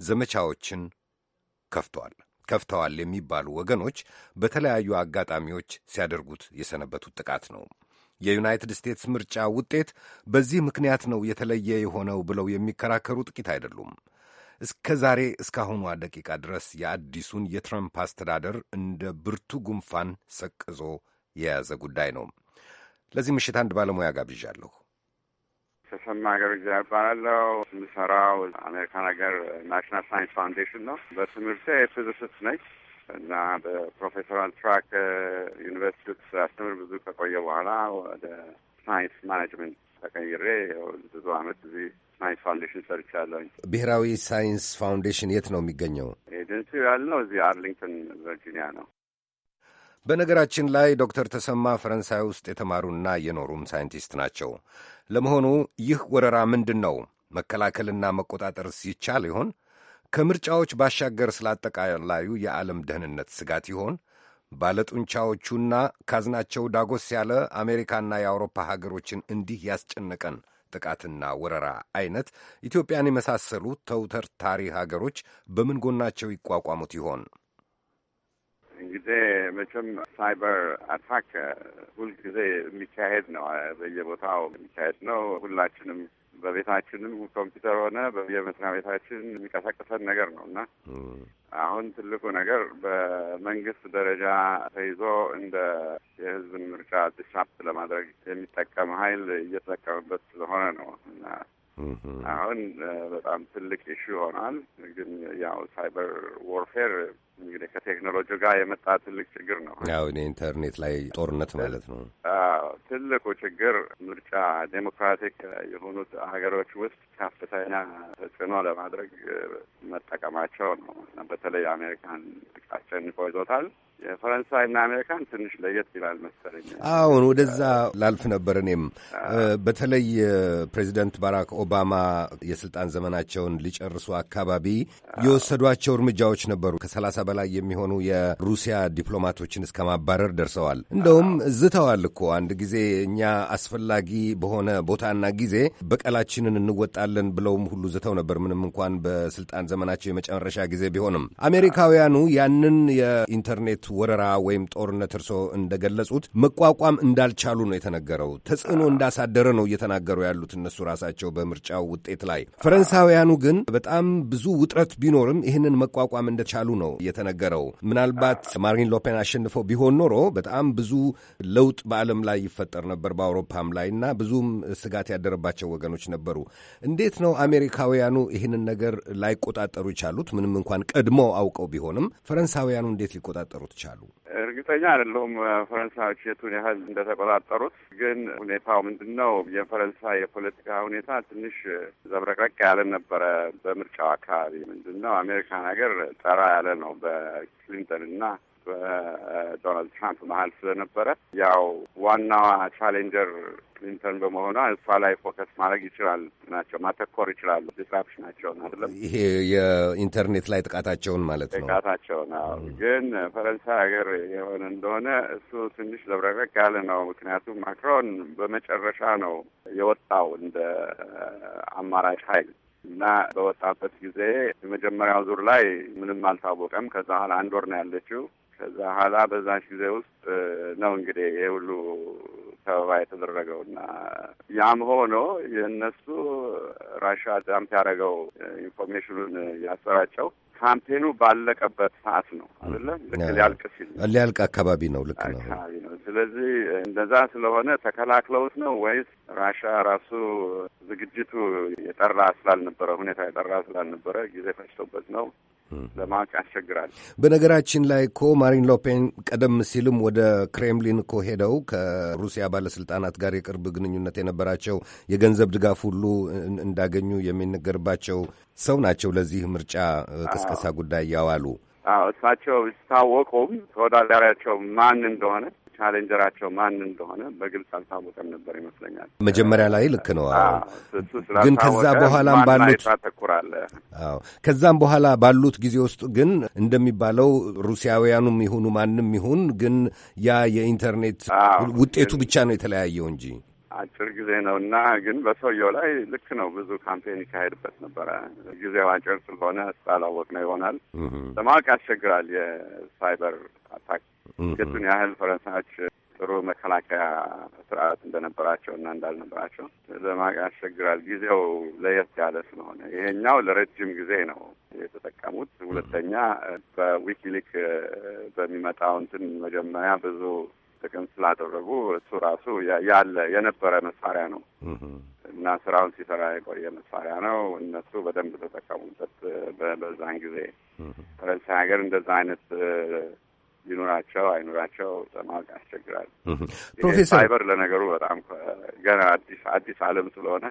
ዘመቻዎችን ከፍተዋል ከፍተዋል የሚባሉ ወገኖች በተለያዩ አጋጣሚዎች ሲያደርጉት የሰነበቱት ጥቃት ነው። የዩናይትድ ስቴትስ ምርጫ ውጤት በዚህ ምክንያት ነው የተለየ የሆነው ብለው የሚከራከሩ ጥቂት አይደሉም። እስከ ዛሬ እስካሁኗ ደቂቃ ድረስ የአዲሱን የትረምፕ አስተዳደር እንደ ብርቱ ጉንፋን ሰቅዞ የያዘ ጉዳይ ነው። ለዚህ ምሽት አንድ ባለሙያ ጋብዣለሁ። ተሰማ ገብዣ እባላለሁ። የምሰራው አሜሪካን ሀገር ናሽናል ሳይንስ ፋውንዴሽን ነው። በትምህርቴ ፊዚሲስት ነች። እና በፕሮፌሰራል ትራክ ዩኒቨርሲቲ ውስጥ ብዙ ከቆየ በኋላ ወደ ሳይንስ ማኔጅመንት ተቀይሬ ብዙ አመት እዚህ ሳይንስ ፋውንዴሽን ሰርቻለሁኝ። ብሔራዊ ሳይንስ ፋውንዴሽን የት ነው የሚገኘው? ኤጀንሲው ያለው እዚህ አርሊንግተን ቨርጂኒያ ነው። በነገራችን ላይ ዶክተር ተሰማ ፈረንሳይ ውስጥ የተማሩና የኖሩም ሳይንቲስት ናቸው። ለመሆኑ ይህ ወረራ ምንድን ነው? መከላከልና መቆጣጠር ይቻል ይሆን? ከምርጫዎች ባሻገር ስላጠቃላዩ የዓለም ደህንነት ስጋት ይሆን? ባለጡንቻዎቹና ካዝናቸው ዳጎስ ያለ አሜሪካና የአውሮፓ ሀገሮችን እንዲህ ያስጨነቀን ጥቃትና ወረራ አይነት ኢትዮጵያን የመሳሰሉ ተውተርታሪ ሀገሮች በምን ጎናቸው ይቋቋሙት ይሆን? እንግዲህ መቼም ሳይበር አታክ ሁልጊዜ የሚካሄድ ነው። በየቦታው የሚካሄድ ነው። ሁላችንም በቤታችንም ኮምፒውተር ሆነ በየመስሪያ ቤታችን የሚቀሰቅሰን ነገር ነው እና አሁን ትልቁ ነገር በመንግስት ደረጃ ተይዞ እንደ የህዝብን ምርጫ ዲስራፕት ለማድረግ የሚጠቀም ሀይል እየተጠቀመበት ስለሆነ ነው እና አሁን በጣም ትልቅ ኢሹ ይሆናል። ግን ያው ሳይበር ዎርፌር እንግዲህ ከቴክኖሎጂ ጋር የመጣ ትልቅ ችግር ነው። ያው የኢንተርኔት ላይ ጦርነት ማለት ነው። ትልቁ ችግር ምርጫ ዴሞክራቲክ የሆኑት ሀገሮች ውስጥ ከፍተኛ ተጽዕኖ ለማድረግ መጠቀማቸው ነው። በተለይ አሜሪካን ጥቃት ጨንቆ ይዞታል። ፈረንሳይና አሜሪካን ትንሽ ለየት ይላል መሰለኝ። አሁን ወደዛ ላልፍ ነበር እኔም በተለይ ፕሬዚደንት ባራክ ኦባማ የስልጣን ዘመናቸውን ሊጨርሱ አካባቢ የወሰዷቸው እርምጃዎች ነበሩ። ከሰላሳ በላይ የሚሆኑ የሩሲያ ዲፕሎማቶችን እስከ ማባረር ደርሰዋል። እንደውም ዝተዋል እኮ አንድ ጊዜ እኛ አስፈላጊ በሆነ ቦታና ጊዜ በቀላችንን እንወጣለን ብለውም ሁሉ ዝተው ነበር። ምንም እንኳን በስልጣን ዘመናቸው የመጨረሻ ጊዜ ቢሆንም አሜሪካውያኑ ያንን የኢንተርኔት ወረራ ወይም ጦርነት እርሶ እንደገለጹት መቋቋም እንዳልቻሉ ነው የተነገረው። ተጽዕኖ እንዳሳደረ ነው እየተናገሩ ያሉት እነሱ ራሳቸው በምርጫው ውጤት ላይ። ፈረንሳውያኑ ግን በጣም ብዙ ውጥረት ቢኖርም ይህንን መቋቋም እንደቻሉ ነው የተነገረው። ምናልባት ማሪን ሎፔን አሸንፎ ቢሆን ኖሮ በጣም ብዙ ለውጥ በዓለም ላይ ይፈጠር ነበር በአውሮፓም ላይ እና ብዙም ስጋት ያደረባቸው ወገኖች ነበሩ። እንዴት ነው አሜሪካውያኑ ይህንን ነገር ላይቆጣጠሩ ይቻሉት? ምንም እንኳን ቀድሞ አውቀው ቢሆንም ፈረንሳውያኑ እንዴት ሊቆጣጠሩት ሊቆጣጠሩት ቻሉ? እርግጠኛ አይደለሁም ፈረንሳዮች የቱን ያህል እንደተቆጣጠሩት። ግን ሁኔታው ምንድን ነው? የፈረንሳይ የፖለቲካ ሁኔታ ትንሽ ዘብረቅረቅ ያለ ነበረ በምርጫው አካባቢ። ምንድን ነው አሜሪካን ሀገር ጠራ ያለ ነው በክሊንተን እና በዶናልድ ትራምፕ መሀል ስለነበረ ያው ዋናዋ ቻሌንጀር ክሊንተን በመሆኗ እሷ ላይ ፎከስ ማድረግ ይችላል ናቸው ማተኮር ይችላሉ። ዲስራፕሽናቸው አይደለም ይሄ የኢንተርኔት ላይ ጥቃታቸውን ማለት ነው። ጥቃታቸውን ግን ፈረንሳይ ሀገር የሆነ እንደሆነ እሱ ትንሽ ለብረቅረቅ ያለ ነው። ምክንያቱም ማክሮን በመጨረሻ ነው የወጣው እንደ አማራጭ ኃይል እና በወጣበት ጊዜ የመጀመሪያው ዙር ላይ ምንም አልታወቀም። ከዛ በኋላ አንድ ወር ነው ያለችው ከዛ ኋላ በዛን ጊዜ ውስጥ ነው እንግዲህ የሁሉ ሰበባ የተደረገው እና ያም ሆኖ የእነሱ ራሻ ዳምፕ ያደረገው ኢንፎርሜሽኑን ያሰራጨው ካምፔኑ ባለቀበት ሰዓት ነው አይደለም። ልክ ሊያልቅ ሲል ሊያልቅ አካባቢ ነው። ልክ ነው አካባቢ ነው። ስለዚህ እንደዛ ስለሆነ ተከላክለውት ነው ወይስ ራሻ ራሱ ዝግጅቱ የጠራ ስላልነበረ ሁኔታ የጠራ ስላልነበረ ጊዜ ፈጅቶበት ነው ለማወቅ ያስቸግራል። በነገራችን ላይ እኮ ማሪን ሎፔን ቀደም ሲልም ወደ ክሬምሊን እኮ ሄደው ከሩሲያ ባለስልጣናት ጋር የቅርብ ግንኙነት የነበራቸው የገንዘብ ድጋፍ ሁሉ እንዳገኙ የሚነገርባቸው ሰው ናቸው። ለዚህ ምርጫ ቅስቀሳ ጉዳይ ያዋሉ እሳቸው ሲታወቁም ተወዳዳሪያቸው ማን እንደሆነ ቻሌንጀራቸው ማን እንደሆነ በግልጽ አልታወቀም ነበር ይመስለኛል። መጀመሪያ ላይ ልክ ነው። ግን ከዛ በኋላም ባሉት አዎ ከዛም በኋላ ባሉት ጊዜ ውስጥ ግን እንደሚባለው ሩሲያውያኑም ይሁኑ ማንም ይሁን ግን ያ የኢንተርኔት ውጤቱ ብቻ ነው የተለያየው እንጂ አጭር ጊዜ ነው እና ግን በሰውየው ላይ ልክ ነው ብዙ ካምፔን ይካሄድበት ነበረ። ጊዜው አጭር ስለሆነ ስላላወቅ ነው ይሆናል ለማወቅ ያስቸግራል። የሳይበር አታክ የቱን ያህል ፈረንሳዮች ጥሩ መከላከያ ስርዓት እንደነበራቸው እና እንዳልነበራቸው ለማወቅ ያስቸግራል። ጊዜው ለየት ያለ ስለሆነ ይሄኛው ለረጅም ጊዜ ነው የተጠቀሙት። ሁለተኛ በዊኪሊክ በሚመጣው እንትን መጀመሪያ ብዙ ጥቅም ስላደረጉ እሱ ራሱ ያለ የነበረ መሳሪያ ነው እና ስራውን ሲሰራ የቆየ መሳሪያ ነው። እነሱ በደንብ ተጠቀሙበት በዛን ጊዜ። ፈረንሳይ ሀገር እንደዛ አይነት ሊኖራቸው አይኖራቸው ለማወቅ ያስቸግራል። ፕሮፌሰር ሳይበር ለነገሩ በጣም ገና አዲስ አዲስ አለም ስለሆነ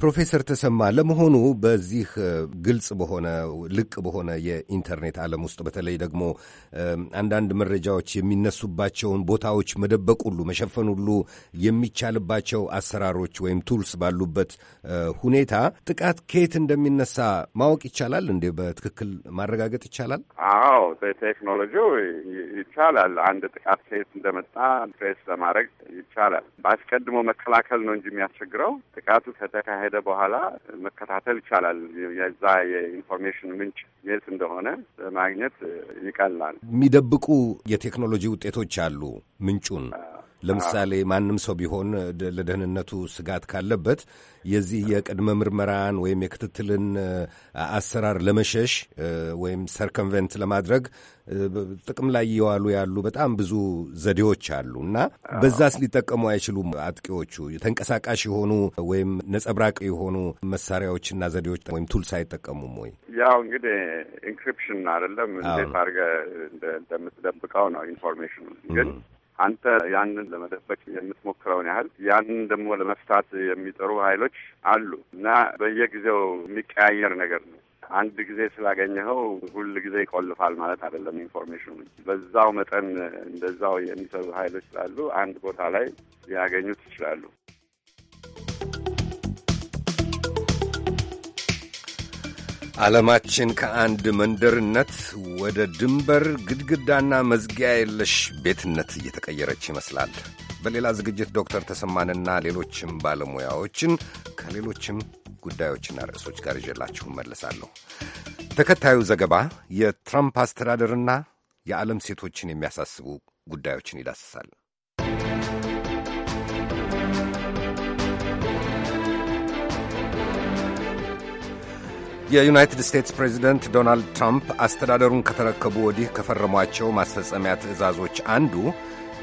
ፕሮፌሰር ተሰማ ለመሆኑ በዚህ ግልጽ በሆነ ልቅ በሆነ የኢንተርኔት ዓለም ውስጥ በተለይ ደግሞ አንዳንድ መረጃዎች የሚነሱባቸውን ቦታዎች መደበቅ ሁሉ መሸፈን ሁሉ የሚቻልባቸው አሰራሮች ወይም ቱልስ ባሉበት ሁኔታ ጥቃት ከየት እንደሚነሳ ማወቅ ይቻላል እንዴ? በትክክል ማረጋገጥ ይቻላል? አዎ በቴክኖሎጂው ይቻላል። አንድ ጥቃት ከየት እንደመጣ ትሬስ ለማድረግ ይቻላል። በአስቀድሞ መከላከል ነው እንጂ የሚያስቸግረው ጥቃቱ ከተካሄደ በኋላ መከታተል ይቻላል። የዛ የኢንፎርሜሽን ምንጭ የት እንደሆነ ማግኘት ይቀላል። የሚደብቁ የቴክኖሎጂ ውጤቶች አሉ ምንጩን ለምሳሌ ማንም ሰው ቢሆን ለደህንነቱ ስጋት ካለበት የዚህ የቅድመ ምርመራን ወይም የክትትልን አሰራር ለመሸሽ ወይም ሰርከምቨንት ለማድረግ ጥቅም ላይ እየዋሉ ያሉ በጣም ብዙ ዘዴዎች አሉ እና በዛስ ሊጠቀሙ አይችሉም አጥቂዎቹ? ተንቀሳቃሽ የሆኑ ወይም ነጸብራቅ የሆኑ መሳሪያዎችና ዘዴዎች ወይም ቱልስ አይጠቀሙም ወይ? ያው እንግዲህ ኢንክሪፕሽን አይደለም እንዴት አድርገህ እንደምትደብቀው ነው ኢንፎርሜሽኑ ግን አንተ ያንን ለመደበቅ የምትሞክረውን ያህል ያንን ደግሞ ለመፍታት የሚጠሩ ኃይሎች አሉ እና በየጊዜው የሚቀያየር ነገር ነው። አንድ ጊዜ ስላገኘኸው ሁል ጊዜ ይቆልፋል ማለት አይደለም። ኢንፎርሜሽኑ በዛው መጠን እንደዛው የሚሰሩ ኃይሎች ስላሉ አንድ ቦታ ላይ ሊያገኙት ይችላሉ። ዓለማችን ከአንድ መንደርነት ወደ ድንበር ግድግዳና መዝጊያ የለሽ ቤትነት እየተቀየረች ይመስላል። በሌላ ዝግጅት ዶክተር ተሰማንና ሌሎችም ባለሙያዎችን ከሌሎችም ጉዳዮችና ርዕሶች ጋር ይዤላችሁ መለሳለሁ። ተከታዩ ዘገባ የትራምፕ አስተዳደርና የዓለም ሴቶችን የሚያሳስቡ ጉዳዮችን ይዳስሳል። የዩናይትድ ስቴትስ ፕሬዚደንት ዶናልድ ትራምፕ አስተዳደሩን ከተረከቡ ወዲህ ከፈረሟቸው ማስፈጸሚያ ትዕዛዞች አንዱ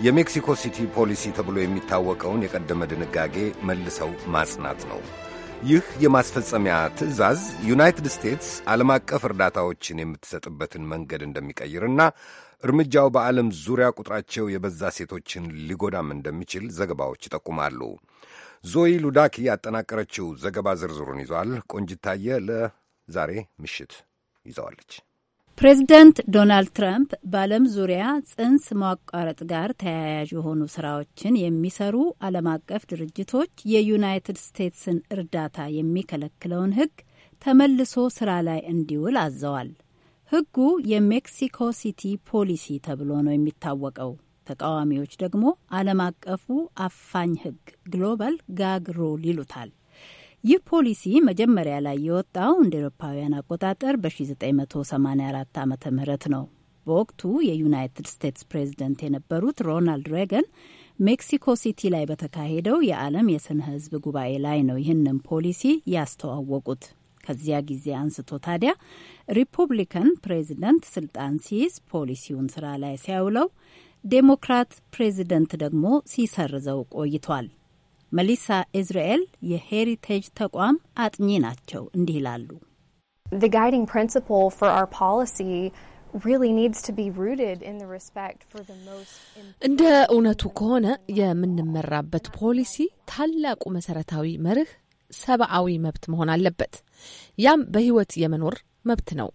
የሜክሲኮ ሲቲ ፖሊሲ ተብሎ የሚታወቀውን የቀደመ ድንጋጌ መልሰው ማጽናት ነው። ይህ የማስፈጸሚያ ትዕዛዝ ዩናይትድ ስቴትስ ዓለም አቀፍ እርዳታዎችን የምትሰጥበትን መንገድ እንደሚቀይርና እርምጃው በዓለም ዙሪያ ቁጥራቸው የበዛ ሴቶችን ሊጎዳም እንደሚችል ዘገባዎች ይጠቁማሉ። ዞይ ሉዳኪ ያጠናቀረችው ዘገባ ዝርዝሩን ይዟል። ቆንጅታየ ዛሬ ምሽት ይዘዋለች። ፕሬዚደንት ዶናልድ ትራምፕ በዓለም ዙሪያ ጽንስ ማቋረጥ ጋር ተያያዥ የሆኑ ስራዎችን የሚሰሩ ዓለም አቀፍ ድርጅቶች የዩናይትድ ስቴትስን እርዳታ የሚከለክለውን ሕግ ተመልሶ ስራ ላይ እንዲውል አዘዋል። ሕጉ የሜክሲኮ ሲቲ ፖሊሲ ተብሎ ነው የሚታወቀው። ተቃዋሚዎች ደግሞ ዓለም አቀፉ አፋኝ ሕግ ግሎባል ጋግ ሩል ይሉታል። ይህ ፖሊሲ መጀመሪያ ላይ የወጣው እንደ ኤሮፓውያን አቆጣጠር በ1984 ዓ ም ነው። በወቅቱ የዩናይትድ ስቴትስ ፕሬዝደንት የነበሩት ሮናልድ ሬገን ሜክሲኮ ሲቲ ላይ በተካሄደው የዓለም የስነ ህዝብ ጉባኤ ላይ ነው ይህንን ፖሊሲ ያስተዋወቁት። ከዚያ ጊዜ አንስቶ ታዲያ ሪፑብሊካን ፕሬዝደንት ስልጣን ሲይዝ ፖሊሲውን ስራ ላይ ሲያውለው፣ ዴሞክራት ፕሬዝደንት ደግሞ ሲሰርዘው ቆይቷል። መሊሳ ኢዝራኤል የሄሪቴጅ ተቋም አጥኚ ናቸው። እንዲህ ይላሉ። እንደ እውነቱ ከሆነ የምንመራበት ፖሊሲ ታላቁ መሰረታዊ መርህ ሰብአዊ መብት መሆን አለበት። ያም በህይወት የመኖር መብት ነው።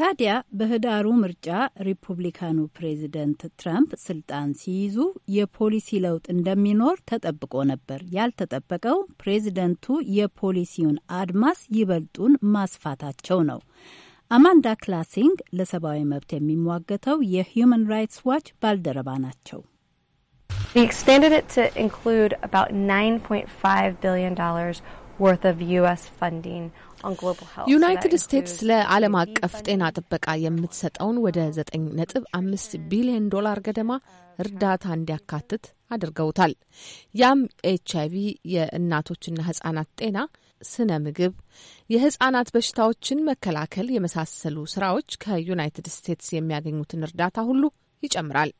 ታዲያ በህዳሩ ምርጫ ሪፑብሊካኑ ፕሬዚደንት ትራምፕ ስልጣን ሲይዙ የፖሊሲ ለውጥ እንደሚኖር ተጠብቆ ነበር። ያልተጠበቀው ፕሬዚደንቱ የፖሊሲውን አድማስ ይበልጡን ማስፋታቸው ነው። አማንዳ ክላሲንግ ለሰብአዊ መብት የሚሟገተው የሂዩማን ራይትስ ዋች ባልደረባ ናቸው። ዩናይትድ ስቴትስ ለዓለም አቀፍ ጤና ጥበቃ የምትሰጠውን ወደ 9.5 ቢሊዮን ዶላር ገደማ እርዳታ እንዲያካትት አድርገውታል። ያም ኤች አይቪ፣ የእናቶችና ህጻናት ጤና፣ ስነ ምግብ፣ የህጻናት በሽታዎችን መከላከል የመሳሰሉ ስራዎች ከዩናይትድ ስቴትስ የሚያገኙትን እርዳታ ሁሉ ይጨምራል።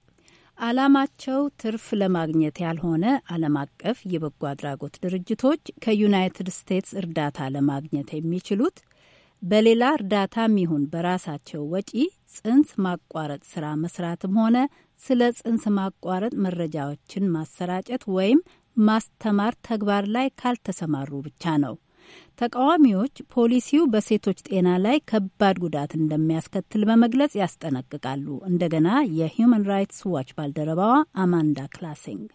ዓላማቸው ትርፍ ለማግኘት ያልሆነ ዓለም አቀፍ የበጎ አድራጎት ድርጅቶች ከዩናይትድ ስቴትስ እርዳታ ለማግኘት የሚችሉት በሌላ እርዳታም ይሁን በራሳቸው ወጪ ጽንስ ማቋረጥ ስራ መስራትም ሆነ ስለ ጽንስ ማቋረጥ መረጃዎችን ማሰራጨት ወይም ማስተማር ተግባር ላይ ካልተሰማሩ ብቻ ነው። ተቃዋሚዎች ፖሊሲው በሴቶች ጤና ላይ ከባድ ጉዳት እንደሚያስከትል በመግለጽ ያስጠነቅቃሉ። እንደገና የሂዩማን ራይትስ ዋች ባልደረባዋ አማንዳ ክላሲንግ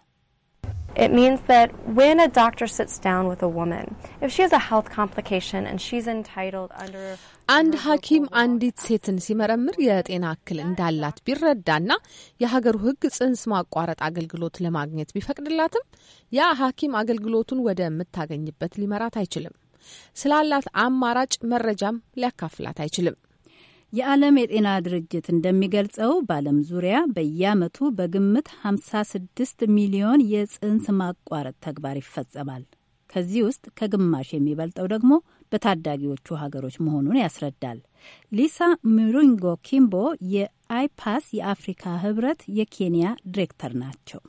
አንድ ሐኪም አንዲት ሴትን ሲመረምር የጤና እክል እንዳላት ቢረዳና የሀገሩ ሕግ ጽንስ ማቋረጥ አገልግሎት ለማግኘት ቢፈቅድላትም ያ ሐኪም አገልግሎቱን ወደምታገኝበት ሊመራት አይችልም። ስላላት አማራጭ መረጃም ሊያካፍላት አይችልም። የዓለም የጤና ድርጅት እንደሚገልጸው በዓለም ዙሪያ በየዓመቱ በግምት 56 ሚሊዮን የጽንስ ማቋረጥ ተግባር ይፈጸማል። ከዚህ ውስጥ ከግማሽ የሚበልጠው ደግሞ በታዳጊዎቹ ሀገሮች መሆኑን ያስረዳል። ሊሳ ሚሩንጎ ኪምቦ የአይፓስ የአፍሪካ ህብረት የኬንያ ዲሬክተር ናቸው።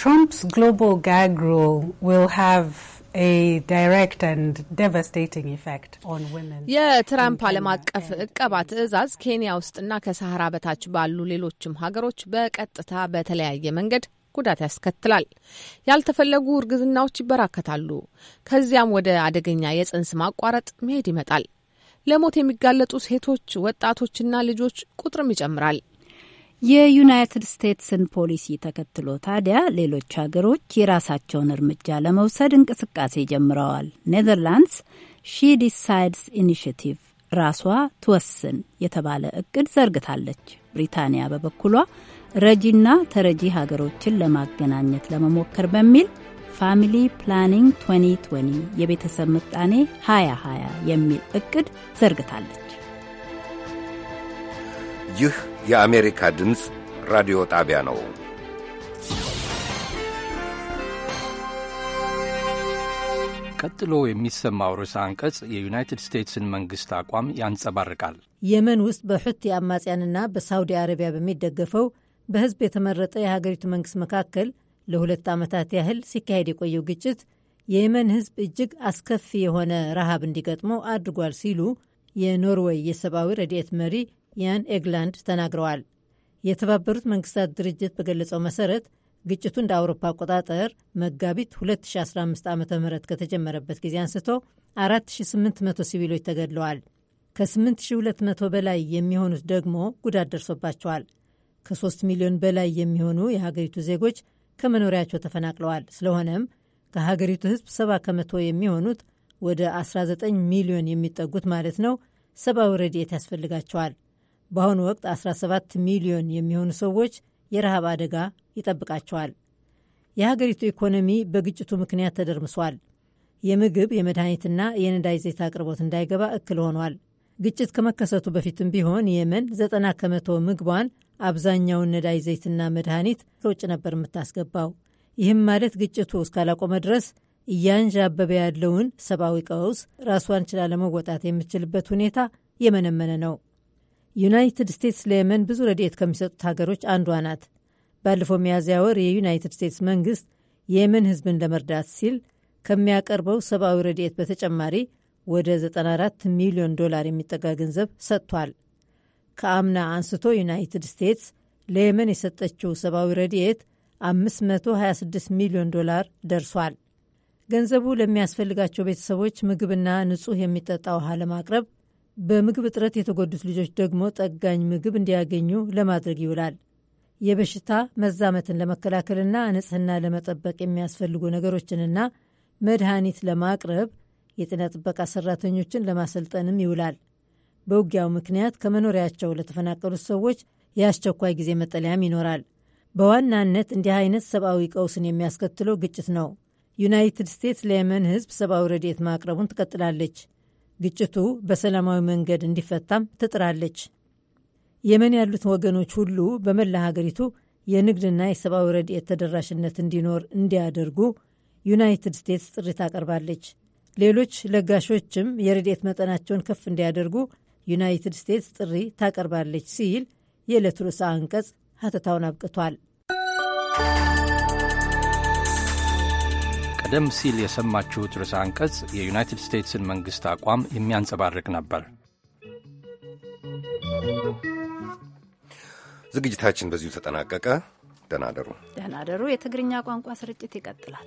ትራምፕስ ግሎባል ጋግ ሩል ዊል ሃቭ የትራምፕ ዓለም አቀፍ እቀባ ትዕዛዝ ኬንያ ውስጥና ከሳህራ በታች ባሉ ሌሎችም ሀገሮች በቀጥታ በተለያየ መንገድ ጉዳት ያስከትላል። ያልተፈለጉ እርግዝናዎች ይበራከታሉ። ከዚያም ወደ አደገኛ የጽንስ ማቋረጥ መሄድ ይመጣል። ለሞት የሚጋለጡ ሴቶች፣ ወጣቶችና ልጆች ቁጥርም ይጨምራል። የዩናይትድ ስቴትስን ፖሊሲ ተከትሎ ታዲያ ሌሎች ሀገሮች የራሳቸውን እርምጃ ለመውሰድ እንቅስቃሴ ጀምረዋል። ኔዘርላንድስ ሺ ዲሳይድስ ኢኒሽቲቭ ራሷ ትወስን የተባለ እቅድ ዘርግታለች። ብሪታንያ በበኩሏ ረጂና ተረጂ ሀገሮችን ለማገናኘት ለመሞከር በሚል ፋሚሊ ፕላኒንግ 2020 የቤተሰብ ምጣኔ 2020 የሚል እቅድ ዘርግታለች። ይህ የአሜሪካ ድምፅ ራዲዮ ጣቢያ ነው። ቀጥሎ የሚሰማው ርዕሰ አንቀጽ የዩናይትድ ስቴትስን መንግሥት አቋም ያንጸባርቃል። የመን ውስጥ በሑቲ አማጽያንና በሳውዲ አረቢያ በሚደገፈው በሕዝብ የተመረጠ የሀገሪቱ መንግሥት መካከል ለሁለት ዓመታት ያህል ሲካሄድ የቆየው ግጭት የየመን ሕዝብ እጅግ አስከፊ የሆነ ረሃብ እንዲገጥመው አድርጓል ሲሉ የኖርዌይ የሰብአዊ ረድኤት መሪ ያን ኤግላንድ ተናግረዋል። የተባበሩት መንግስታት ድርጅት በገለጸው መሰረት ግጭቱ እንደ አውሮፓ አቆጣጠር መጋቢት 2015 ዓ ም ከተጀመረበት ጊዜ አንስቶ 4800 ሲቪሎች ተገድለዋል። ከ8200 በላይ የሚሆኑት ደግሞ ጉዳት ደርሶባቸዋል። ከ3 ሚሊዮን በላይ የሚሆኑ የሀገሪቱ ዜጎች ከመኖሪያቸው ተፈናቅለዋል። ስለሆነም ከሀገሪቱ ህዝብ 70 ከመቶ የሚሆኑት ወደ 19 ሚሊዮን የሚጠጉት ማለት ነው ሰብአዊ ረድኤት ያስፈልጋቸዋል። በአሁኑ ወቅት 17 ሚሊዮን የሚሆኑ ሰዎች የረሃብ አደጋ ይጠብቃቸዋል። የሀገሪቱ ኢኮኖሚ በግጭቱ ምክንያት ተደርምሷል። የምግብ የመድኃኒትና የነዳጅ ዘይት አቅርቦት እንዳይገባ እክል ሆኗል። ግጭት ከመከሰቱ በፊትም ቢሆን የመን 90 ከመቶ ምግቧን አብዛኛውን ነዳጅ ዘይትና መድኃኒት ከውጭ ነበር የምታስገባው። ይህም ማለት ግጭቱ እስካላቆመ ድረስ እያንዣበበ ያለውን ሰብአዊ ቀውስ ራሷን ችላ ለመወጣት የምትችልበት ሁኔታ የመነመነ ነው። ዩናይትድ ስቴትስ ለየመን ብዙ ረድኤት ከሚሰጡት ሀገሮች አንዷ ናት። ባለፈው ሚያዝያ ወር የዩናይትድ ስቴትስ መንግስት የየመን ህዝብን ለመርዳት ሲል ከሚያቀርበው ሰብአዊ ረድኤት በተጨማሪ ወደ 94 ሚሊዮን ዶላር የሚጠጋ ገንዘብ ሰጥቷል። ከአምና አንስቶ ዩናይትድ ስቴትስ ለየመን የሰጠችው ሰብአዊ ረድኤት 526 ሚሊዮን ዶላር ደርሷል። ገንዘቡ ለሚያስፈልጋቸው ቤተሰቦች ምግብና ንጹሕ የሚጠጣ ውሃ ለማቅረብ በምግብ እጥረት የተጎዱት ልጆች ደግሞ ጠጋኝ ምግብ እንዲያገኙ ለማድረግ ይውላል። የበሽታ መዛመትን ለመከላከልና ንጽህና ለመጠበቅ የሚያስፈልጉ ነገሮችንና መድኃኒት ለማቅረብ የጤና ጥበቃ ሰራተኞችን ለማሰልጠንም ይውላል። በውጊያው ምክንያት ከመኖሪያቸው ለተፈናቀሉት ሰዎች የአስቸኳይ ጊዜ መጠለያም ይኖራል። በዋናነት እንዲህ አይነት ሰብአዊ ቀውስን የሚያስከትለው ግጭት ነው። ዩናይትድ ስቴትስ ለየመን ሕዝብ ሰብአዊ ረድኤት ማቅረቡን ትቀጥላለች። ግጭቱ በሰላማዊ መንገድ እንዲፈታም ትጥራለች። የመን ያሉት ወገኖች ሁሉ በመላ ሀገሪቱ የንግድና የሰብአዊ ረድኤት ተደራሽነት እንዲኖር እንዲያደርጉ ዩናይትድ ስቴትስ ጥሪ ታቀርባለች። ሌሎች ለጋሾችም የረድኤት መጠናቸውን ከፍ እንዲያደርጉ ዩናይትድ ስቴትስ ጥሪ ታቀርባለች ሲል የዕለቱ ርዕሰ አንቀጽ ሀተታውን አብቅቷል። ቀደም ሲል የሰማችሁት ርዕሰ አንቀጽ የዩናይትድ ስቴትስን መንግሥት አቋም የሚያንጸባርቅ ነበር። ዝግጅታችን በዚሁ ተጠናቀቀ። ደህና ደሩ፣ ደህና ደሩ። የትግርኛ ቋንቋ ስርጭት ይቀጥላል።